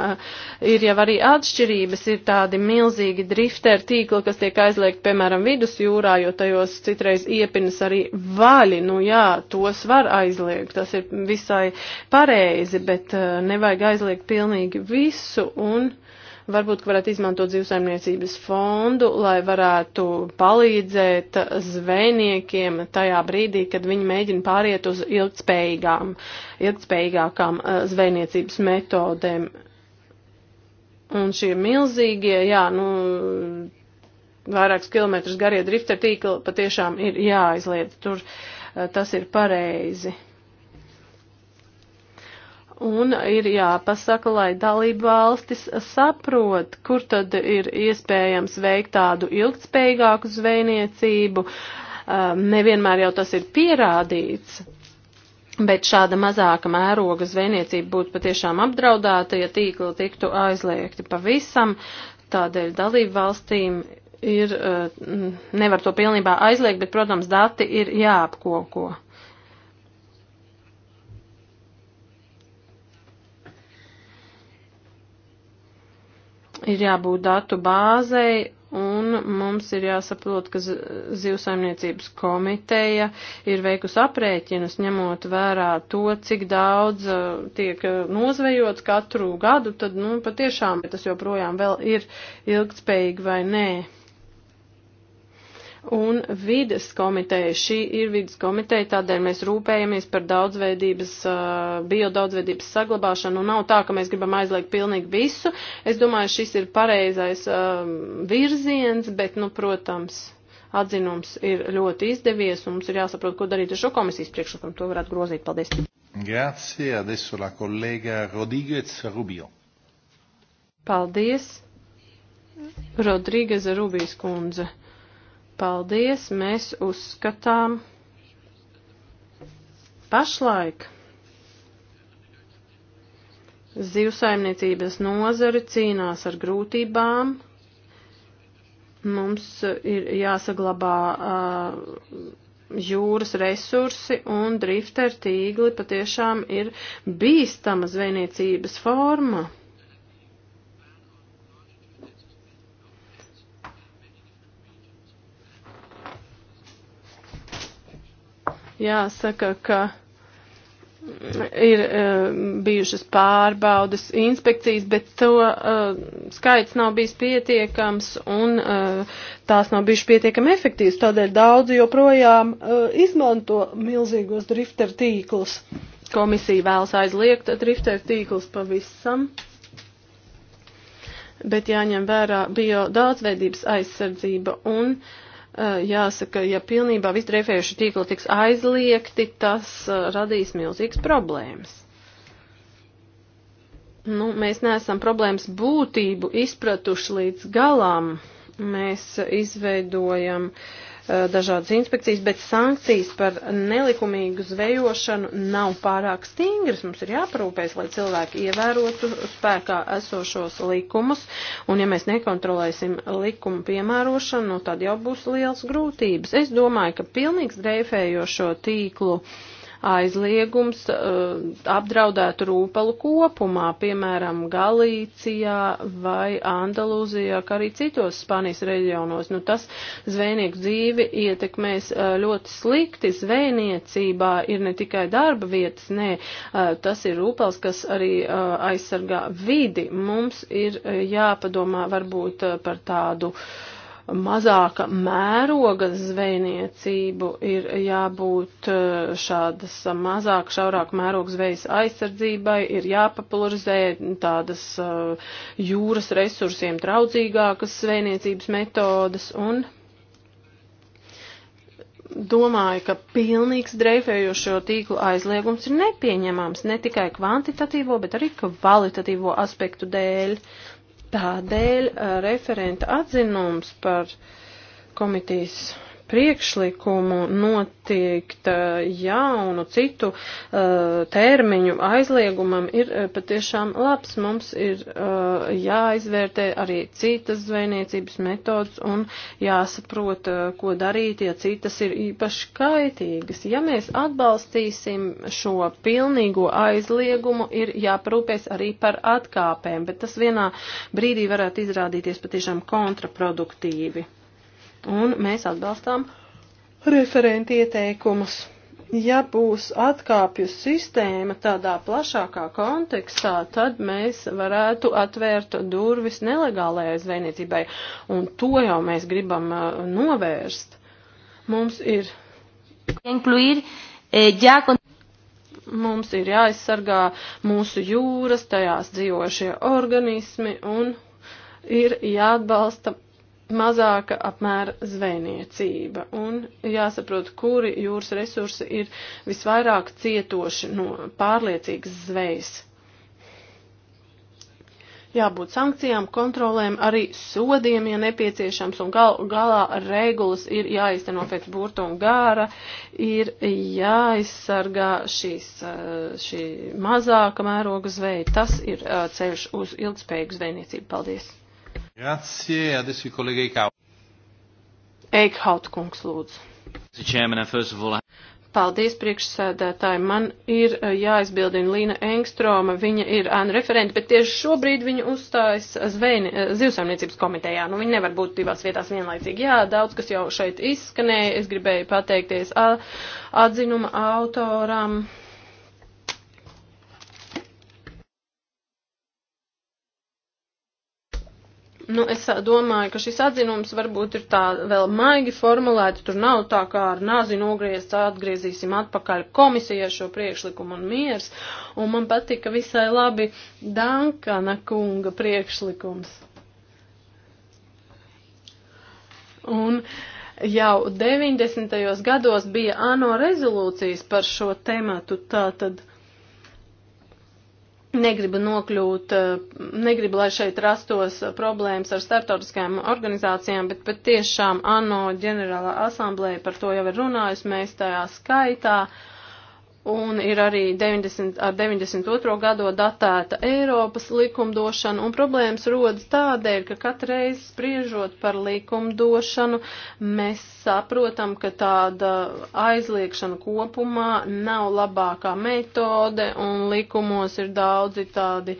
ir jau arī atšķirības, ir tādi milzīgi drifter tīkli, kas tiek aizliegt, piemēram, vidusjūrā, jo tajos citreiz iepinas arī vaļi, nu jā, tos var aizliegt, tas ir visai pareizi pareizi, bet uh, nevajag aizliegt pilnīgi visu un varbūt varētu izmantot dzīvesaimniecības fondu, lai varētu palīdzēt zvejniekiem tajā brīdī, kad viņi mēģina pāriet uz ilgspējīgām, ilgspējīgākām uh, zvejniecības metodēm. Un šie milzīgie, jā, nu, vairākus kilometrus garie drifta tīkli patiešām ir jāaizliedz. Tur uh, tas ir pareizi. Un ir jāpasaka, lai dalību valstis saprot, kur tad ir iespējams veikt tādu ilgtspējīgāku zvejniecību. Nevienmēr jau tas ir pierādīts, bet šāda mazāka mēroga zvejniecība būtu patiešām apdraudēta, ja tīkli tiktu aizliegti pavisam. Tādēļ dalību valstīm ir, nevar to pilnībā aizliegt, bet, protams, dati ir jāapkoko. ir jābūt datu bāzei un mums ir jāsaprot, ka zivsaimniecības komiteja ir veikusi aprēķinus, ņemot vērā to, cik daudz uh, tiek uh, nozvejots katru gadu, tad, nu, patiešām tas joprojām vēl ir ilgtspējīgi vai nē un vides komiteja. Šī ir vides komiteja, tādēļ mēs rūpējamies par daudzveidības, uh, biodaudzveidības saglabāšanu. Un nav tā, ka mēs gribam aizliegt pilnīgi visu. Es domāju, šis ir pareizais um, virziens, bet, nu, protams, atzinums ir ļoti izdevies, un mums ir jāsaprot, ko darīt ar šo komisijas priekšlikumu. To varētu grozīt. Paldies. Grazie. Adesso la collega Rodriguez Rubio. Paldies. Rodriguez Rubijas kundze. Paldies, mēs uzskatām pašlaik. Zivsaimniecības nozari cīnās ar grūtībām. Mums ir jāsaglabā uh, jūras resursi un drifter tīgli patiešām ir bīstama zvejniecības forma. Jāsaka, ka ir uh, bijušas pārbaudas, inspekcijas, bet to uh, skaits nav bijis pietiekams un uh, tās nav bijušas pietiekami efektīvas. Tādēļ daudzi joprojām uh, izmanto milzīgos drifter tīklus. Komisija vēlas aizliegt drifter tīklus pavisam, bet jāņem vērā bio daudzveidības aizsardzība un uh, Eh, jāsaka, ja pilnībā viss dreifējuši tīkli tiks aizliegti, tas eh, radīs milzīgas problēmas. Nu, mēs neesam problēmas būtību izpratuši līdz galam. Mēs izveidojam uh, Eh, dažādas inspekcijas, bet sankcijas par nelikumīgu zvejošanu nav pārāk stingras. Mums ir jāparūpēs, lai cilvēki ievērotu spēkā esošos likumus, un ja mēs nekontrolēsim likumu piemērošanu, nu, tad jau būs liels grūtības. Es domāju, ka pilnīgs dreifējošo tīklu uh, aizliegums uh, apdraudētu rūpalu kopumā, piemēram, Galīcijā vai Andalūzijā, kā arī citos Spānijas reģionos. Nu, tas zvejnieku dzīvi ietekmēs uh, ļoti slikti. Zvejniecībā ir ne tikai darba vietas, nē, uh, tas ir rūpels, kas arī uh, aizsargā vidi. Mums ir uh, jāpadomā varbūt uh, par tādu uh, mazāka mēroga zvejniecību, ir jābūt e, šādas mazāk, šaurāk mēroga zvejas aizsardzībai, ir jāpapularizē tādas e, jūras resursiem traudzīgākas zvejniecības metodas un domāju, ka pilnīgs dreifējošo tīklu aizliegums ir nepieņemams ne tikai kvantitatīvo, bet arī kvalitatīvo aspektu dēļ. Uh, Tādēļ eh, referenta atzinums par komitejas priekšlikumu noteikt jaunu citu termiņu aizliegumam ir patiešām labs. Mums ir jāizvērtē arī citas zvejniecības metodas un jāsaprot, ko darīt, ja citas ir īpaši kaitīgas. Ja mēs atbalstīsim šo pilnīgo aizliegumu, ir jāparūpēs arī par atkāpēm, bet tas vienā brīdī varētu izrādīties patiešām kontraproduktīvi un mēs atbalstām referenti ieteikumus. Ja būs atkāpju sistēma tādā plašākā kontekstā, tad mēs varētu atvērt durvis nelegālajai zvejniecībai, un to jau mēs gribam uh, novērst. Mums ir. Incluir, eh, ya con mums ir jāaizsargā mūsu jūras, tajās dzīvošie organismi un ir jāatbalsta mazāka apmēra zvejniecība un jāsaprot, kuri jūras resursi ir visvairāk cietoši no pārliecīgas zvejas. Jābūt sankcijām, kontrolēm, arī sodiem, ja nepieciešams, un gal, galā regulas ir jāizteno pēc burtu un gāra, ir jāizsargā šīs, eh, šī mazāka mēroga zveja. Tas ir eh, ceļš uz ilgspējīgu zvejniecību. Paldies! Grazie, adesso il kolēģi Eikau. Eikhaut kungs lūdzu. Paldies, priekšsēdētāji. Man ir eh, jāizbildina Līna Engstroma. Viņa ir ēnu referente, bet tieši šobrīd viņa uzstājas zvēni, eh, zivsaimniecības komitejā. Nu, viņa nevar būt divās vietās vienlaicīgi. Jā, daudz, kas jau šeit izskanēja. Es gribēju pateikties atzinuma autoram Nu, es domāju, ka šis atzinums varbūt ir tā vēl maigi formulēts, tur nav tā kā ar nāzi nogriezt, atgriezīsim atpakaļ komisijai šo priekšlikumu un miers, un man patika visai labi Dankana kunga priekšlikums. Un jau 90. gados bija ANO rezolūcijas par šo tematu, tā tad negribu nokļūt, eh, negribu, lai šeit rastos eh, problēmas ar startautiskajām organizācijām, bet, bet tiešām ANO ģenerālā asamblēja par to jau ir runājusi, mēs tajā skaitā. Uh, Un ir arī 90, ar 92. gado datēta Eiropas likumdošana, un problēmas rodas tādēļ, ka katreiz spriežot par likumdošanu, mēs saprotam, ka tāda aizliekšana kopumā nav labākā metode, un likumos ir daudzi tādi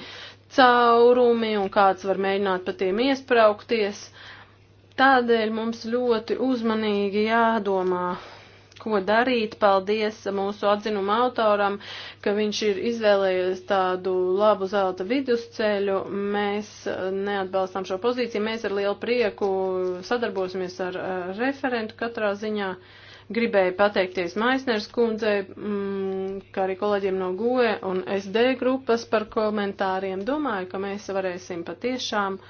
caurumi, un kāds var mēģināt pa tiem iespraukties. Tādēļ mums ļoti uzmanīgi jādomā ko darīt. Paldies mūsu atzinuma autoram, ka viņš ir izvēlējies tādu labu zelta vidusceļu. Mēs uh, neatbalstām šo pozīciju. Mēs ar lielu prieku sadarbosimies ar uh, referentu katrā ziņā. Gribēju pateikties Maisners kundzei, mm, kā arī kolēģiem no GOE un SD grupas par komentāriem. Domāju, ka mēs varēsim patiešām uh,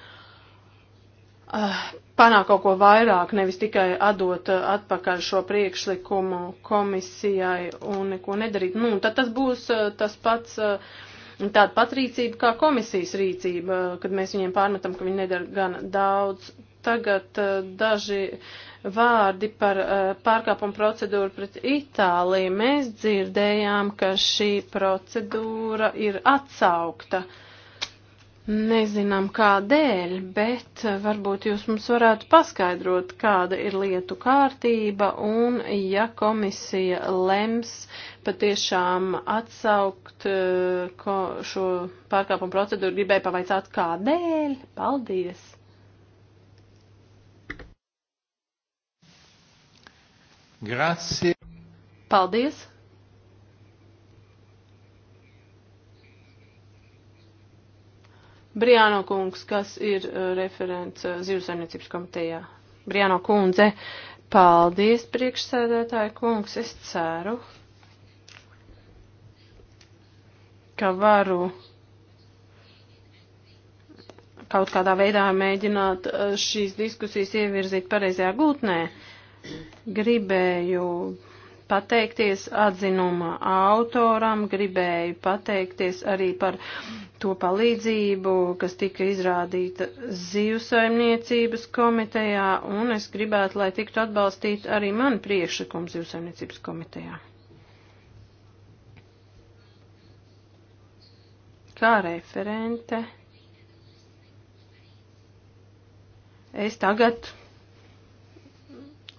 Ah, panākt kaut ko vairāk, nevis tikai atdot ah, atpakaļ šo priekšlikumu komisijai un neko nedarīt. Nu, tad tas būs ah, tas pats, tāda pat rīcība kā komisijas rīcība, kad mēs viņiem pārmetam, ka viņi nedara gan daudz. Tagad daži vārdi par pārkāpumu procedūru pret Itāliju. Mēs dzirdējām, ka šī procedūra ir atsaukta. Uh, Nezinām kādēļ, bet varbūt jūs mums varētu paskaidrot, kāda ir lietu kārtība un ja komisija lems patiešām atsaukt eh, ko, šo pārkāpumu procedūru, gribēju pavaicāt kādēļ. Paldies! Grazie! Paldies! Briāno kungs, kas ir uh, referents uh, zivsaimniecības komitejā. Briāno kundze, paldies priekšsēdētāju kungs, es ceru, ka varu kaut kādā veidā mēģināt uh, šīs diskusijas ievirzīt pareizajā gultnē. Gribēju pateikties atzinuma autoram, gribēju pateikties arī par to palīdzību, kas tika izrādīta zivsaimniecības komitejā, un es gribētu, lai tiktu atbalstīt arī man priekšlikumu zivsaimniecības komitejā. Kā referente. Es tagad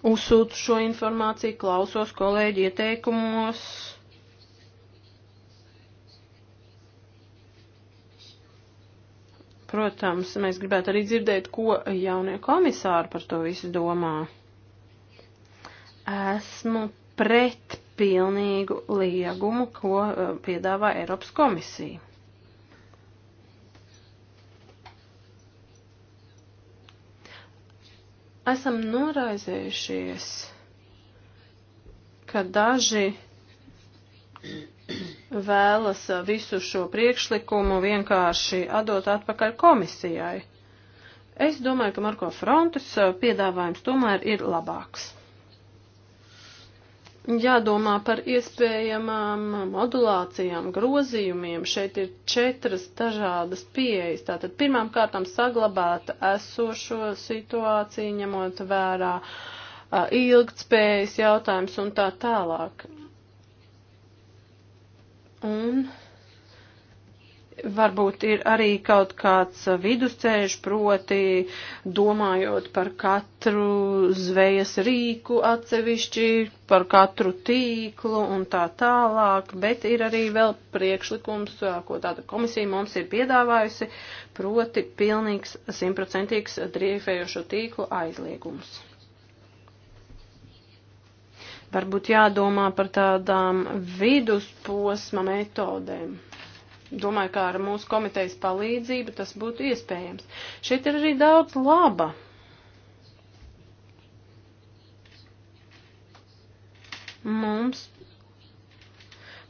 uzsūtu šo informāciju, klausos kolēģi ieteikumos. Protams, mēs gribētu arī dzirdēt, ko jaunie komisāri par to visu domā. Esmu pret pilnīgu liegumu, ko eh, piedāvā Eiropas komisija. Esam noraizējušies, ka daži vēlas visu šo priekšlikumu vienkārši atdot atpakaļ komisijai. Es domāju, ka Marko Frontes eh, piedāvājums tomēr ir labāks jādomā par iespējamām modulācijām, grozījumiem. Šeit ir četras dažādas pieejas. Tātad pirmām kārtām saglabāt esošo situāciju, ņemot vērā ilgtspējas jautājums un tā tālāk. Un varbūt ir arī kaut kāds vidusceļš, proti domājot par katru zvejas rīku atsevišķi, par katru tīklu un tā tālāk, bet ir arī vēl priekšlikums, ko tāda komisija mums ir piedāvājusi, proti pilnīgs simtprocentīgs driefējošo tīklu aizliegums varbūt jādomā par tādām vidusposma metodēm. Domāju, kā ar mūsu komitejas palīdzību tas būtu iespējams. Šeit ir arī daudz laba. Mums,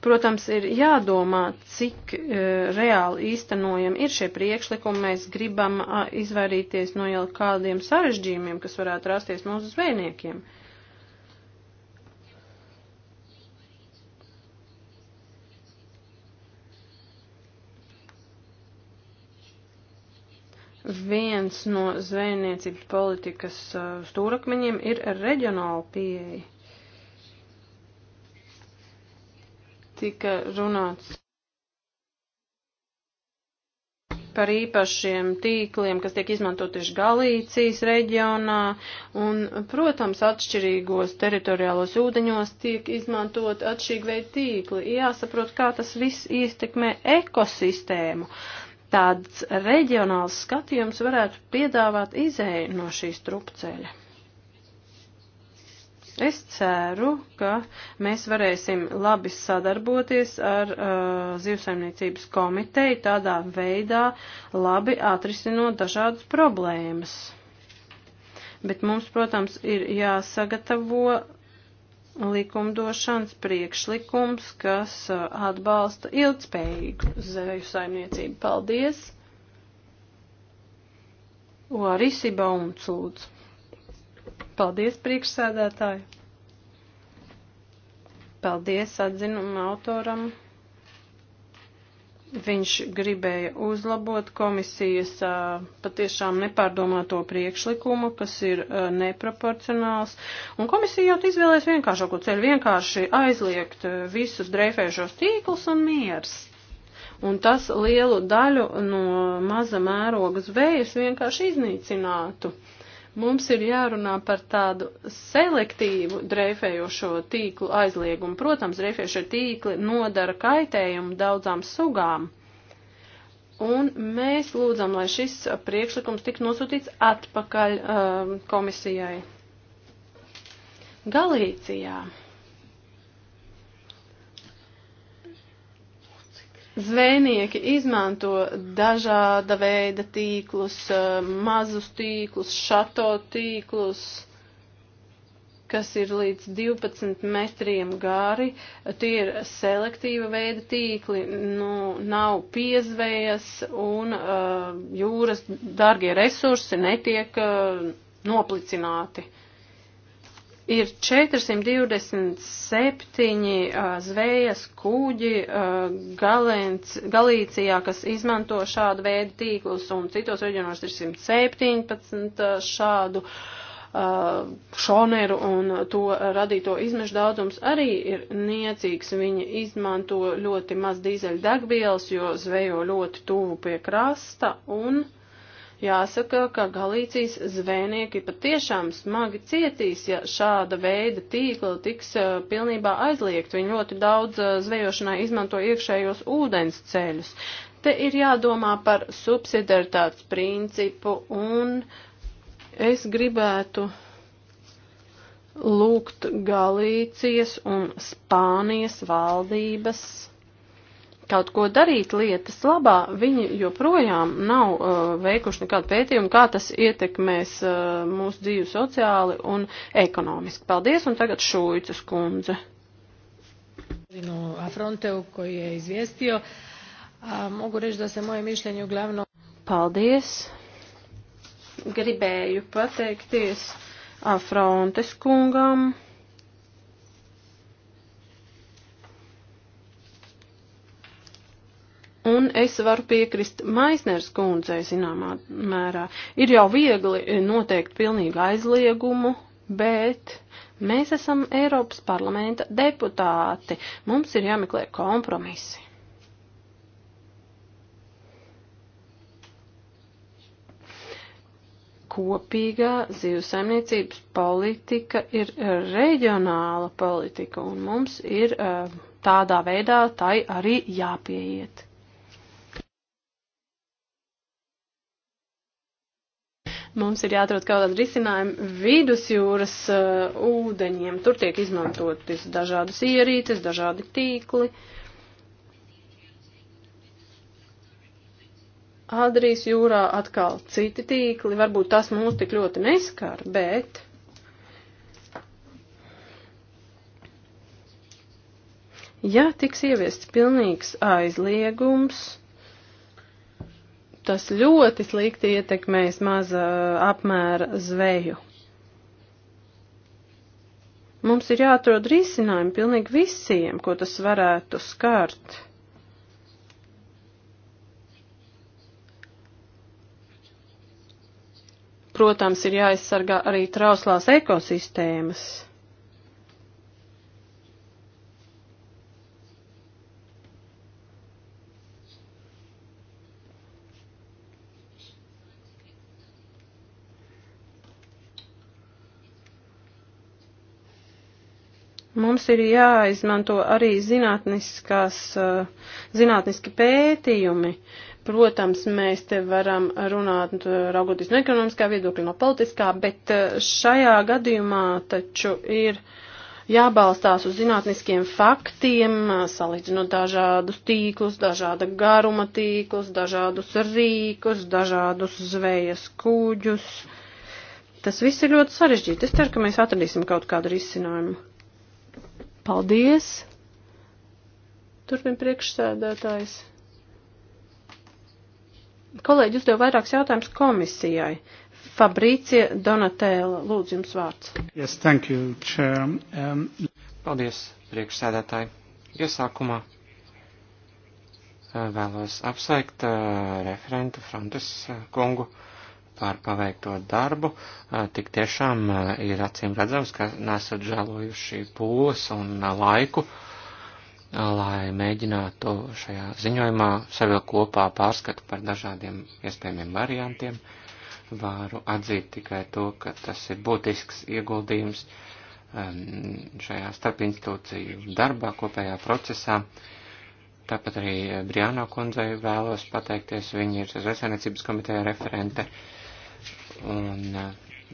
protams, ir jādomā, cik e, reāli īstenojami ir šie priekšlikumi. Mēs gribam a, izvairīties no jau kādiem sarežģījumiem, kas varētu rasties mūsu zvejniekiem. E, viens no zvejniecības politikas uh, stūrakmeņiem ir reģionāla pieeja. Tika runāts par īpašiem tīkliem, kas tiek izmantot tieši Galīcijas reģionā, un, protams, atšķirīgos teritoriālos ūdeņos tiek izmantot atšķirīgi veidi tīkli. Jāsaprot, kā tas viss ietekmē ekosistēmu. Uh, tāds reģionāls skatījums varētu piedāvāt izēju no šīs trupceļa. Es ceru, ka mēs varēsim labi sadarboties ar uh, zivsaimniecības komiteju tādā veidā, labi atrisinot dažādas problēmas. Bet mums, protams, ir jāsagatavo likumdošanas priekšlikums, kas uh, atbalsta ilgspējīgu zēju saimniecību. Paldies! Orisi Baunc lūdzu. Paldies, priekšsēdētāji! Paldies atzinuma autoram! Viņš gribēja uzlabot komisijas patiešām nepārdomāto priekšlikumu, kas ir neproporcionāls. Un komisija jau izvēlēs vienkāršāko ceļu, vienkārši aizliegt visus dreifējušos tīklus un miers. Un tas lielu daļu no maza mēroga zvejas vienkārši iznīcinātu. Uh, Mums ir jārunā par tādu selektīvu dreifējošo tīklu aizliegumu. Protams, dreifējošie tīkli nodara kaitējumu daudzām sugām. Un mēs lūdzam, lai šis priekšlikums tik nosūtīts atpakaļ um, komisijai. Galīcijā. Zvejnieki izmanto dažāda veida tīklus, eh, mazus tīklus, šato tīklus, kas ir līdz 12 metriem gari. Tie ir selektīva veida tīkli, nu, nav piezvējas un uh, jūras dārgie resursi netiek uh, noplicināti. Uh, ir 427 uh, zvejas kuģi uh, Galens, Galīcijā, kas izmanto šādu veidu tīklus, un citos reģionos ir 117 uh, šādu uh, šoneru, un to radīto izmešu daudzums arī ir niecīgs. Viņi izmanto ļoti maz dīzeļu degvielas, jo zvejo ļoti tuvu pie krasta, un uh, Jāsaka, ka Galīcijas zvejnieki patiešām smagi cietīs, ja šāda veida tīkla tiks eh, pilnībā aizliegt. Viņi ļoti daudz eh, zvejošanai izmanto iekšējos ūdens ceļus. Te ir jādomā par subsidiaritātes principu un es gribētu lūgt Galīcijas un Spānijas valdības kaut ko darīt lietas labā, viņi joprojām nav uh, veikuši nekādu pētījumu, kā tas ietekmēs uh, mūsu dzīvi sociāli un ekonomiski. Paldies, un tagad Šūicas kundze. Afronteu, ko je izvijestio, a, mogu reći da se moje mišljenje uglavnom... Paldies. Gribēju pateikties Afrontes kungam. Un es varu piekrist Maisners kundzei zināmā mērā. Ir jau viegli noteikt pilnīgu aizliegumu, bet mēs esam Eiropas parlamenta deputāti. Mums ir jāmeklē kompromisi. Kopīgā zivsaimniecības politika ir reģionāla politika, un mums ir eh, tādā veidā tai arī jāpieiet. Mums ir jāatrod kaut kāda risinājuma vidusjūras uh, ūdeņiem. Tur tiek izmantotas dažādas ierīces, dažādi tīkli. Adrijas jūrā atkal citi tīkli, varbūt tas mūs tik ļoti neskar, bet ja tiks ieviests pilnīgs aizliegums, tas ļoti slikti ietekmēs maza uh, apmēra zveju. Mums ir jāatrod risinājumi pilnīgi visiem, ko tas varētu skart. Protams, ir jāaizsargā arī trauslās ekosistēmas. Mums ir jāizmanto arī zinātniskās, eh, zinātniski pētījumi. Protams, mēs te varam runāt eh, raugoties no ekonomiskā viedokļa, no politiskā, bet eh, šajā gadījumā taču ir jābalstās uz zinātniskiem faktiem, salīdzinot dažādus tīklus, dažāda garuma tīklus, dažādus rīkus, dažādus zvejas kuģus. Tas viss ir ļoti sarežģīti. Es ceru, ka mēs atradīsim kaut kādu risinājumu. Paldies! Turpin priekšsēdētājs. Kolēģi uzdev vairākus jautājumus komisijai. Fabricija Donatēla, lūdzu jums vārds. Yes, thank you, chair. Um... Paldies, priekšsēdētāji. Iesākumā uh, vēlos apsveikt uh, referentu Frantus uh, kungu. Uh, par paveikto darbu. Tik tiešām ir acīm redzams, ka nesat žēlojuši pūles un laiku, lai mēģinātu šajā ziņojumā savilkt kopā pārskatu par dažādiem iespējamiem variantiem. Varu atzīt tikai to, ka tas ir būtisks ieguldījums šajā starpinstitūciju darbā, kopējā procesā. Tāpat arī Briānā kundzei vēlos pateikties, viņa ir Zvesenecības komiteja referente. Uh, Un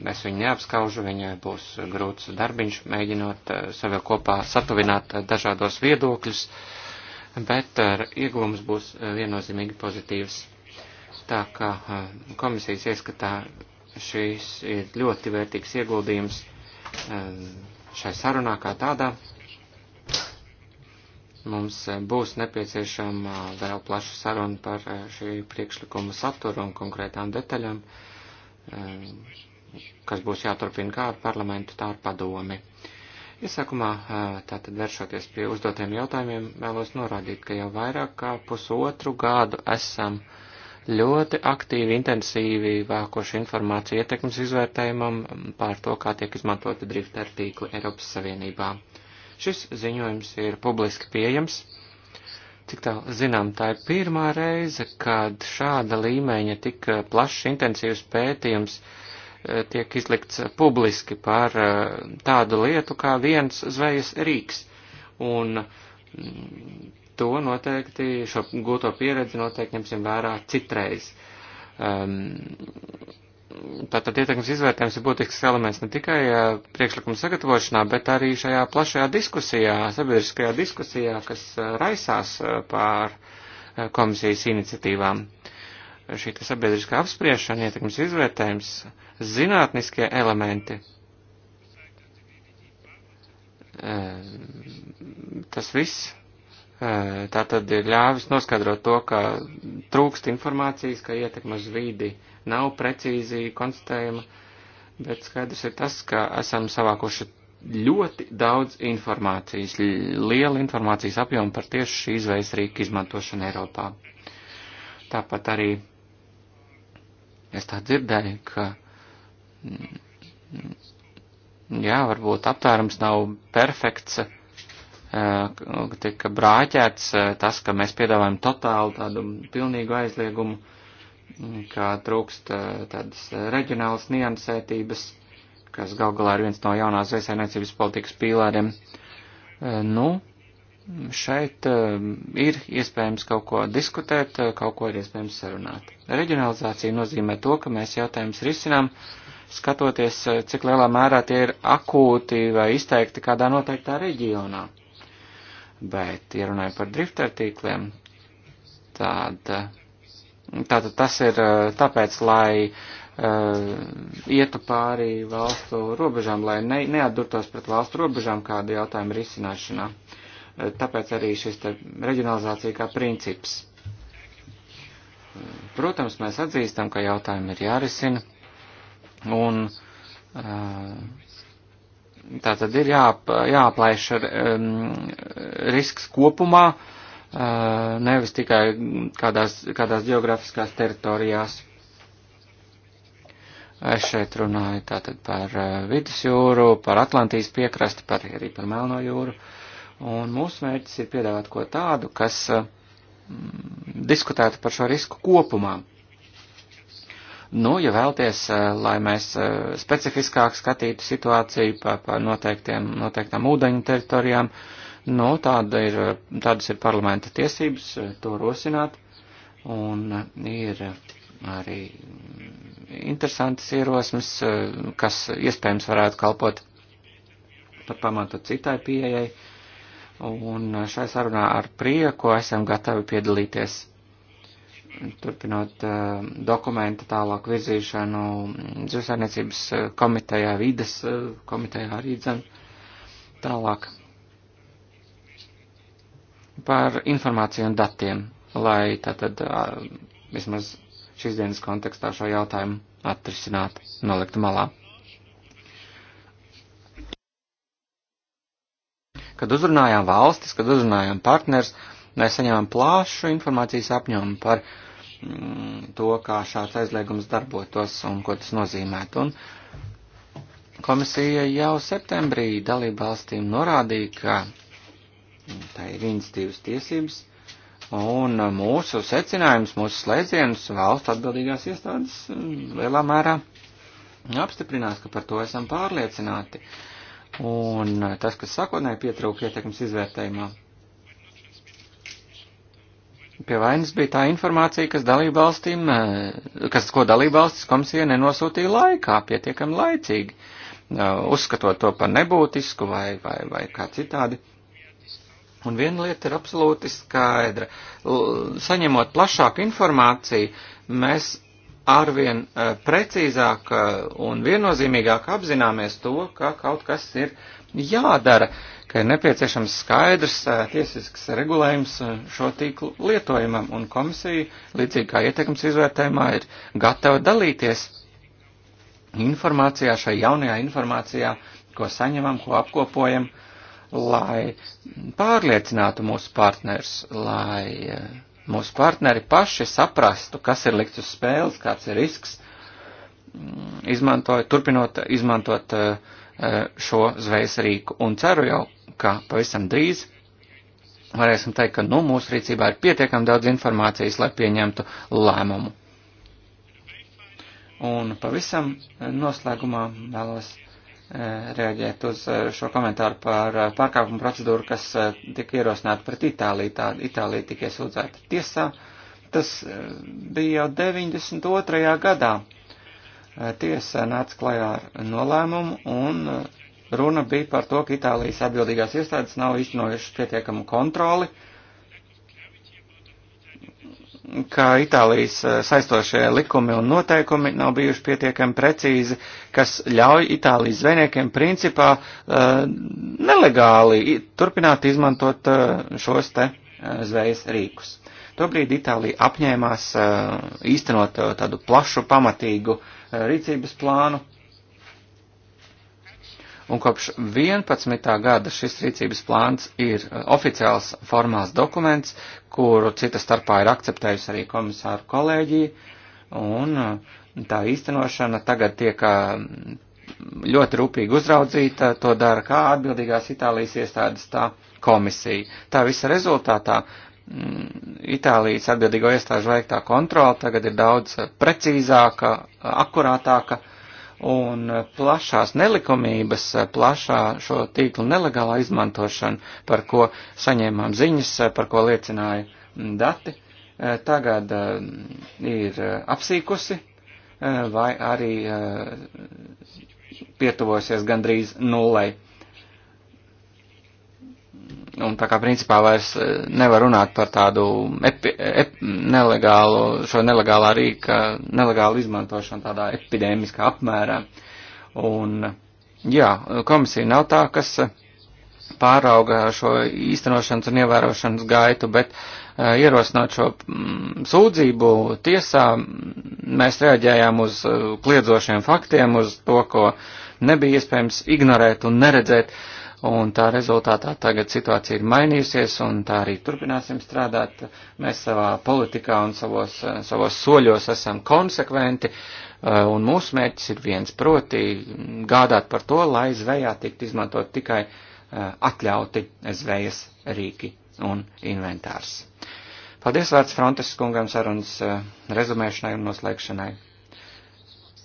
es eh, viņu neapskaužu, viņai būs grūts darbiņš, mēģinot eh, sevi kopā satuvināt eh, dažādos viedokļus, bet iegūms būs viennozīmīgi pozitīvs. Tā kā komisijas ieskatā šīs ir ļoti vērtīgs ieguldījums šai sarunā kā tādā. Mums būs nepieciešama vēl plaša saruna par šī priekšlikuma saturu un konkrētām detaļām. Uh, Eh, kas būs jāturpina kā ar parlamentu, tā ar padomi. Iesākumā, eh, tātad vēršoties pie uzdotiem jautājumiem, vēlos norādīt, ka jau vairāk kā pusotru gadu esam ļoti aktīvi, intensīvi vākoši informāciju ietekmes izvērtējumam par to, kā tiek izmantoti drifter tīkli Eiropas Savienībā. Šis ziņojums ir publiski pieejams Cik tā zinām, tā ir pirmā reize, kad šāda līmeņa tik plašs intensīvs pētījums e, tiek izlikts publiski par e, tādu lietu kā viens zvejas rīks. Un mm, to noteikti, šo gūto pieredzi noteikti ņemsim vērā citreiz. Um, Tātad ietekmes izvērtējums ir būtisks elements ne tikai priekšlikuma sagatavošanā, bet arī šajā plašajā diskusijā, sabiedriskajā diskusijā, kas raisās pār komisijas iniciatīvām. Šī sabiedriskā apspriešana, ietekmes izvērtējums, zinātniskie elementi. Tas viss tā tad ir ļāvis noskaidrot to, ka trūkst informācijas, ka ietekma uz vīdi nav precīzi konstatējama, bet skaidrs ir tas, ka esam savākuši ļoti daudz informācijas, liela informācijas apjoma par tieši šī izvēles rīka izmantošanu Eiropā. Tāpat arī es tā dzirdēju, ka mm, mm, jā, varbūt aptērums nav perfekts Eh, tika brāķēts eh, tas, ka mēs piedāvājam totālu tādu pilnīgu aizliegumu, mm, kā trūkst eh, tādas reģionālas niansētības, kas gal galā ir viens no jaunās zvejsainiecības politikas pīlāriem. Nu, šeit ir iespējams kaut ko diskutēt, kaut ko ir iespējams sarunāt. Reģionalizācija nozīmē to, ka mēs jautājums risinām, skatoties, cik lielā mērā tie ir akūti vai izteikti kādā noteiktā reģionā Bet, ja runāju par drifter tīkliem, tad, tātad tas ir eh, tāpēc, lai uh, ietu pāri valstu robežām, lai ne, neatdurtos pret valstu robežām kādu jautājumu risināšanā. Eh, tāpēc arī šis te reģionalizācija kā princips. Protams, mēs atzīstam, ka jautājumi ir jārisina, un uh, Tā tad ir jāp, jāaplaiš ar, um, risks kopumā, uh, nevis tikai kādās, kādās geogrāfiskās teritorijās. Es šeit runāju tātad par uh, vidusjūru, par Atlantijas piekrasti, par arī par Melno jūru. Un mūsu mērķis ir piedāvāt ko tādu, kas mm, diskutētu par šo risku kopumā. Nu, ja vēlties, eh, lai mēs eh, specifiskāk skatītu situāciju par, par noteiktiem, noteiktām ūdeņu teritorijām, nu, tāda ir, eh, tādas ir parlamenta tiesības to rosināt, un ir arī interesantas ierosmes, kas iespējams varētu kalpot par pamatu citai pieejai, un šai sarunā ar prieku esam gatavi piedalīties turpinot uh, eh, dokumenta tālāk virzīšanu dzīvesainiecības eh, komitejā, vides eh, komitejā arī dzem tālāk par informāciju un datiem, lai tātad uh, vismaz šīs dienas kontekstā šo jautājumu atrisināt, nolikt malā. Kad uzrunājām valstis, kad uzrunājām partners, uh, Mēs saņemam plāšu informācijas apņomu par mm, to, kā šāds aizliegums darbotos un ko tas nozīmētu. Un komisija jau septembrī dalību valstīm norādīja, ka tā ir inicitīvas tiesības Un mūsu secinājums, mūsu slēdzienus valsts atbildīgās iestādes mm, lielā mērā apstiprinās, ka par to esam pārliecināti. Un tas, kas sakotnē pietrūka ietekmes izvērtējumā, Pie vainas bija tā informācija, kas dalību valstīm, eh, kas, ko dalību valstis komisija nenosūtīja laikā, pietiekami laicīgi, eh, uzskatot to par nebūtisku vai, vai, vai kā citādi. Un viena lieta ir absolūti skaidra. Saņemot plašāku informāciju, mēs arvien eh, precīzāk un viennozīmīgāk apzināmies to, ka kaut kas ir jādara ka ir nepieciešams skaidrs tiesisks regulējums šo tīklu lietojumam, un komisija, līdzīgi kā ieteikums izvērtējumā, ir gatava dalīties informācijā, šai jaunajā informācijā, ko saņemam, ko apkopojam, lai pārliecinātu mūsu partners, lai mūsu partneri paši saprastu, kas ir likts uz spēles, kāds ir risks, izmantojot, turpinot izmantot uh, Eh, šo zvejas rīku un ceru jau, ka pavisam drīz varēsim teikt, ka nu mūsu rīcībā ir pietiekami daudz informācijas, lai pieņemtu lēmumu. Un pavisam eh, noslēgumā vēlos eh, reaģēt uz šo komentāru par pārkāpumu procedūru, kas tika ierosināta pret Itāliju. Tā Itālija tika iesūdzēta tiesā. Tas bija jau 92. gadā. Eh, tiesa nāca klajā ar nolēmumu un eh, runa bija par to, ka Itālijas atbildīgās iestādes nav iznojušas pietiekamu kontroli, ka Itālijas eh, saistošie likumi un noteikumi nav bijuši pietiekami precīzi, kas ļauj Itālijas zvejniekiem principā nelegāli turpināt izmantot šos te zvejas rīkus. Tobrīd Itālija apņēmās īstenot tādu plašu, pamatīgu uh, Eh, rīcības plānu. Un kopš 11. gada šis rīcības plāns ir eh, oficiāls formāls dokuments, kuru cita starpā ir akceptējusi arī komisāru kolēģija, un eh, tā īstenošana tagad tiek ļoti rūpīgi uzraudzīta, to dara kā atbildīgās Itālijas iestādes, tā komisija. Tā visa rezultātā Mm, Itālijas atbildīgo iestāžu veiktā kontrola tagad ir daudz eh, precīzāka, eh, akurātāka un eh, plašās nelikumības, plašā šo tīklu nelegālā izmantošana, par ko saņēmām ziņas, par ko liecināja mm, dati, tagad ir apsīkusi vai arī pietuvosies gandrīz nullei un tā kā principā vairs e, nevar runāt par tādu epi, e, ep, nelegālu, šo nelegālā rīka, nelegālu izmantošanu tādā epidēmiskā apmērā. Un, jā, komisija nav tā, kas e, pārauga šo īstenošanas un ievērošanas gaitu, bet uh, ierosinot šo mm, sūdzību tiesā, mēs reaģējām uz uh, kliedzošiem faktiem, uz to, ko nebija iespējams ignorēt un neredzēt. Uh, un tā rezultātā tagad situācija ir mainījusies, un tā arī turpināsim strādāt. Mēs savā politikā un savos, savos soļos esam konsekventi, eh, un mūsu mērķis ir viens proti gādāt par to, lai zvejā tiktu izmantot tikai eh, atļauti zvejas rīki un inventārs. Paldies vārds Frontes kungam sarunas eh, rezumēšanai un noslēgšanai.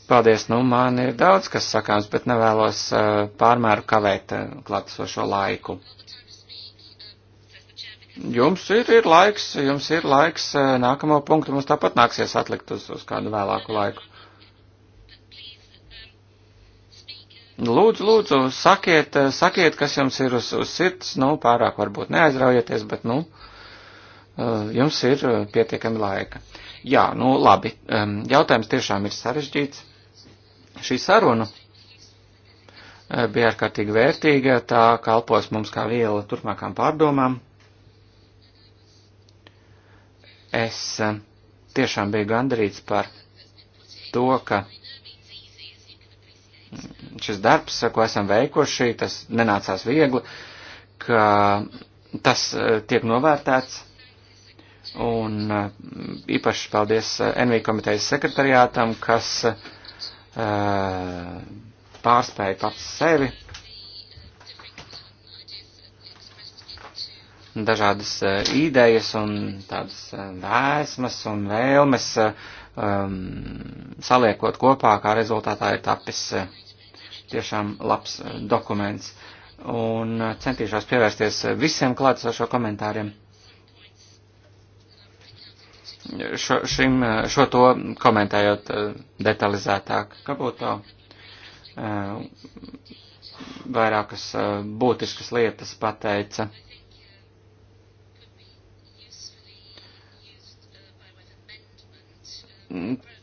Paldies, nu man ir daudz, kas sakāms, bet nevēlos uh, pārmēru kavēt uh, klātsošo laiku. Jums ir, ir laiks, jums ir laiks, uh, nākamo punktu mums tāpat nāksies atlikt uz, uz kādu vēlāku laiku. Lūdzu, lūdzu, sakiet, uh, sakiet, kas jums ir uz, uz sirds, nu pārāk varbūt neaizraujieties, bet nu, uh, jums ir uh, pietiekami laika. Jā, nu labi, um, jautājums tiešām ir sarežģīts. Šī saruna e, bija ārkārtīgi vērtīga, tā kalpos mums kā viela turpmākām pārdomām. Es e, tiešām biju gandarīts par to, ka šis darbs, ko esam veikuši, tas nenācās viegli, ka tas e, tiek novērtēts. Un īpaši paldies NV komitejas sekretariātam, kas uh, Eh, pārspēja pats sevi. Dažādas eh, idejas un tādas eh, vēsmas un vēlmes um, saliekot kopā, kā rezultātā ir tapis tiešām labs dokuments. Un centīšos pievērsties visiem klātesošo komentāriem šo, šim, šo to komentējot eh, detalizētāk. Kā būtu eh, vairākas eh, būtiskas lietas pateica.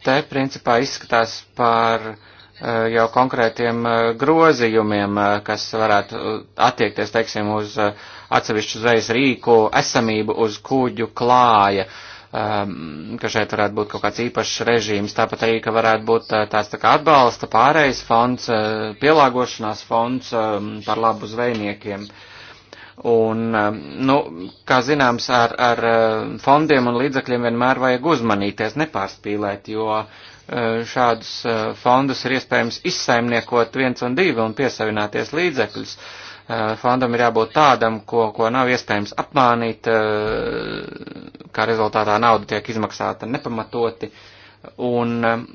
Te principā izskatās par jau konkrētiem grozījumiem, kas varētu attiekties, teiksim, uz atsevišķu zvejas rīku esamību uz kuģu klāja. Uh, Um, ka šeit varētu būt kaut kāds īpašs režīms. Tāpat arī, ka varētu būt uh, tāds tā kā atbalsta pārējais fonds, uh, pielāgošanās fonds um, par labu zvejniekiem. Un, um, nu, kā zināms, ar, ar uh, fondiem un līdzakļiem vienmēr vajag uzmanīties, nepārspīlēt, jo šādus fondus ir iespējams izsaimniekot viens un divi un piesavināties līdzekļus. Uh, Eh, fondam ir jābūt tādam, ko, ko nav iespējams apmānīt, eh, kā rezultātā nauda tiek izmaksāta nepamatoti. Un eh,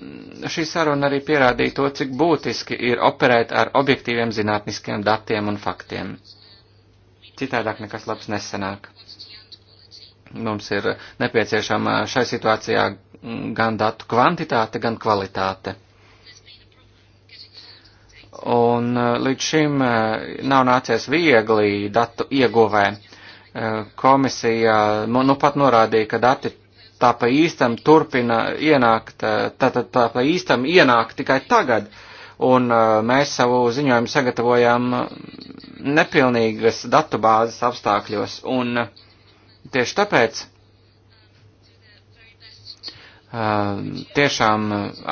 šī saruna arī pierādīja to, cik būtiski ir operēt ar objektīviem zinātniskiem datiem un faktiem. Citādāk nekas labs nesenāk. Mums ir nepieciešama šai situācijā gan datu kvantitāte, gan kvalitāte. Un eh, līdz šim eh, nav nācies viegli datu ieguvē. Eh, komisija nu, nu pat norādīja, ka dati tā pa īstam turpina ienākt, tā, tā, tā pa īstam ienāk tikai tagad. Un mēs savu ziņojumu sagatavojām nepilnīgas datubāzes apstākļos. Un tieši tāpēc tiešām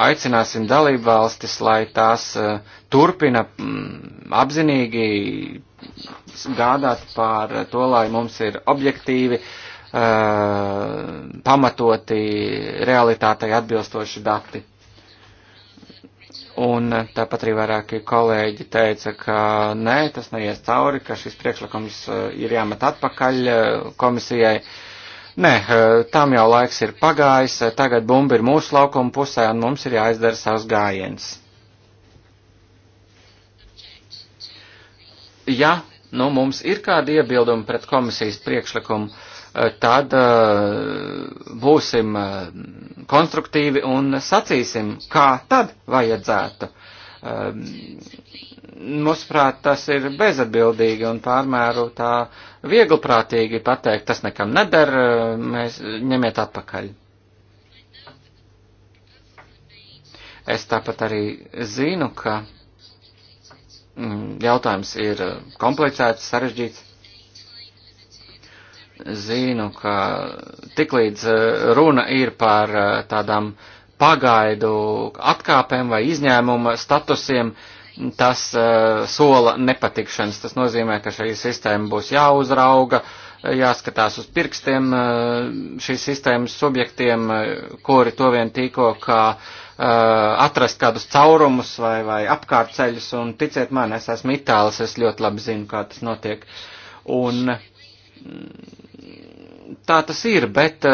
aicināsim dalību valstis, lai tās turpina mm, apzinīgi gādāt par to, lai mums ir objektīvi, pamatoti realitātei atbilstoši dati. Un tāpat arī vairāki kolēģi teica, ka nē, tas neies cauri, ka šis priekšlikums ir jāmet atpakaļ komisijai. Uh, Nē, eh, tam jau laiks ir pagājis, eh, tagad bumba ir mūsu laukuma pusē un mums ir jāizdara savs gājiens. Ja nu, mums ir kādi iebildumi pret komisijas priekšlikumu, eh, tad būsim konstruktīvi un sacīsim, kā tad vajadzētu Mūsuprāt, tas ir bezatbildīgi un pārmēru tā viegliprātīgi pateikt, tas nekam neder, mēs ņemiet atpakaļ. Es tāpat arī zinu, ka mm, jautājums ir komplicēts, sarežģīts. Zinu, ka tiklīdz runa ir par eh, tādām pagaidu atkāpēm vai izņēmuma statusiem, uh, tas uh, sola nepatikšanas. Tas nozīmē, ka šī sistēma būs jāuzrauga, jāskatās uz pirkstiem uh, šīs sistēmas subjektiem, uh, kuri to vien tīko, kā atrast kādus caurumus vai, vai apkārtceļus, un ticiet man, es esmu itālis, es ļoti labi zinu, kā tas notiek. Un mm, tā tas ir, bet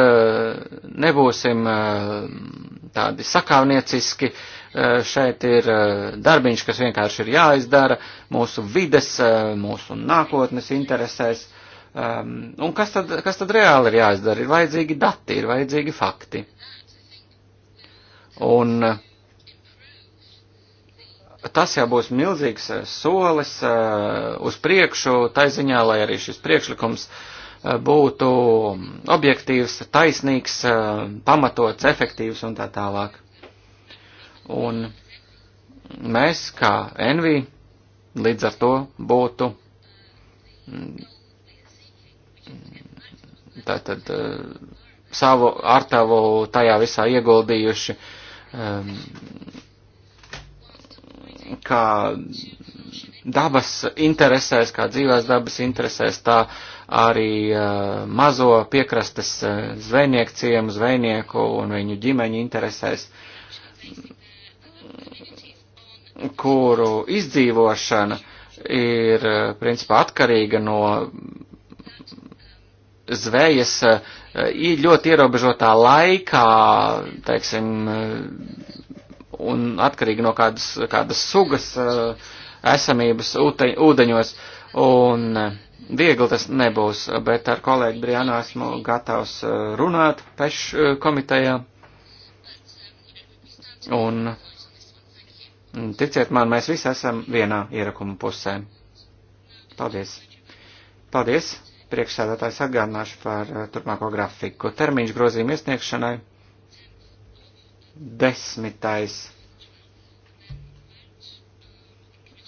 nebūsim tādi sakāvnieciski, uh, Eh, šeit ir eh, darbiņš, kas vienkārši ir jāizdara mūsu vides, eh, mūsu nākotnes interesēs. Ehm, un kas tad, kas tad reāli ir jāizdara? Ir vajadzīgi dati, ir vajadzīgi fakti. Un tas jau būs milzīgs solis uz priekšu, tai ziņā, lai arī šis priekšlikums būtu objektīvs, taisnīgs, pamatots, efektīvs un tā tālāk. Un mēs, kā NV, līdz ar to būtu mm, tātad eh, savu artavu tajā visā ieguldījuši um, kā dabas interesēs, kā dzīvās dabas interesēs, tā arī uh, mazo piekrastes zvejnieku ciemu, zvejnieku un viņu ģimeņu interesēs kuru izdzīvošana ir eh, principā atkarīga no zvejas eh, ļoti ierobežotā laikā, teiksim, eh, un atkarīgi no kādas, kādas sugas esamības ūte, ūdeņos, un viegli tas nebūs, bet ar kolēģi Brianu esmu gatavs runāt peš komitejā, un Ticiet man, mēs visi esam vienā ierakuma pusē. Paldies. Paldies. Priekšsēdētājs atgādināšu par eh, turpmāko grafiku. Termiņš grozījuma iesniegšanai. Desmitais.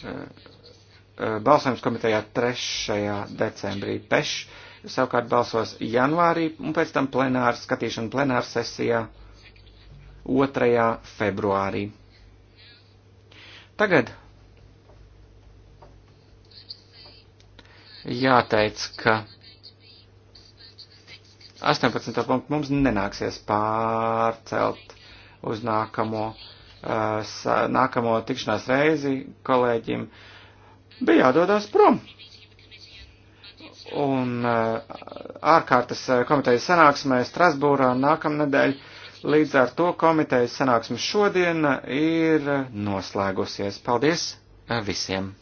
Eh, eh, balsojums komitejā 3. decembrī peš, savukārt balsos janvārī un pēc tam plenāra skatīšana plenāra sesijā 2. februārī. Tagad jāteic, ka 18. punktu mums nenāksies pārcelt uz nākamo, uh, nākamo tikšanās reizi kolēģim. Bija jādodas prom. Un uh, ārkārtas eh, komitejas sanāksmē Strasbūrā nākamnedēļ uh, Līdz ar to komitejas sanāksme šodien ir noslēgusies. Paldies uh, visiem!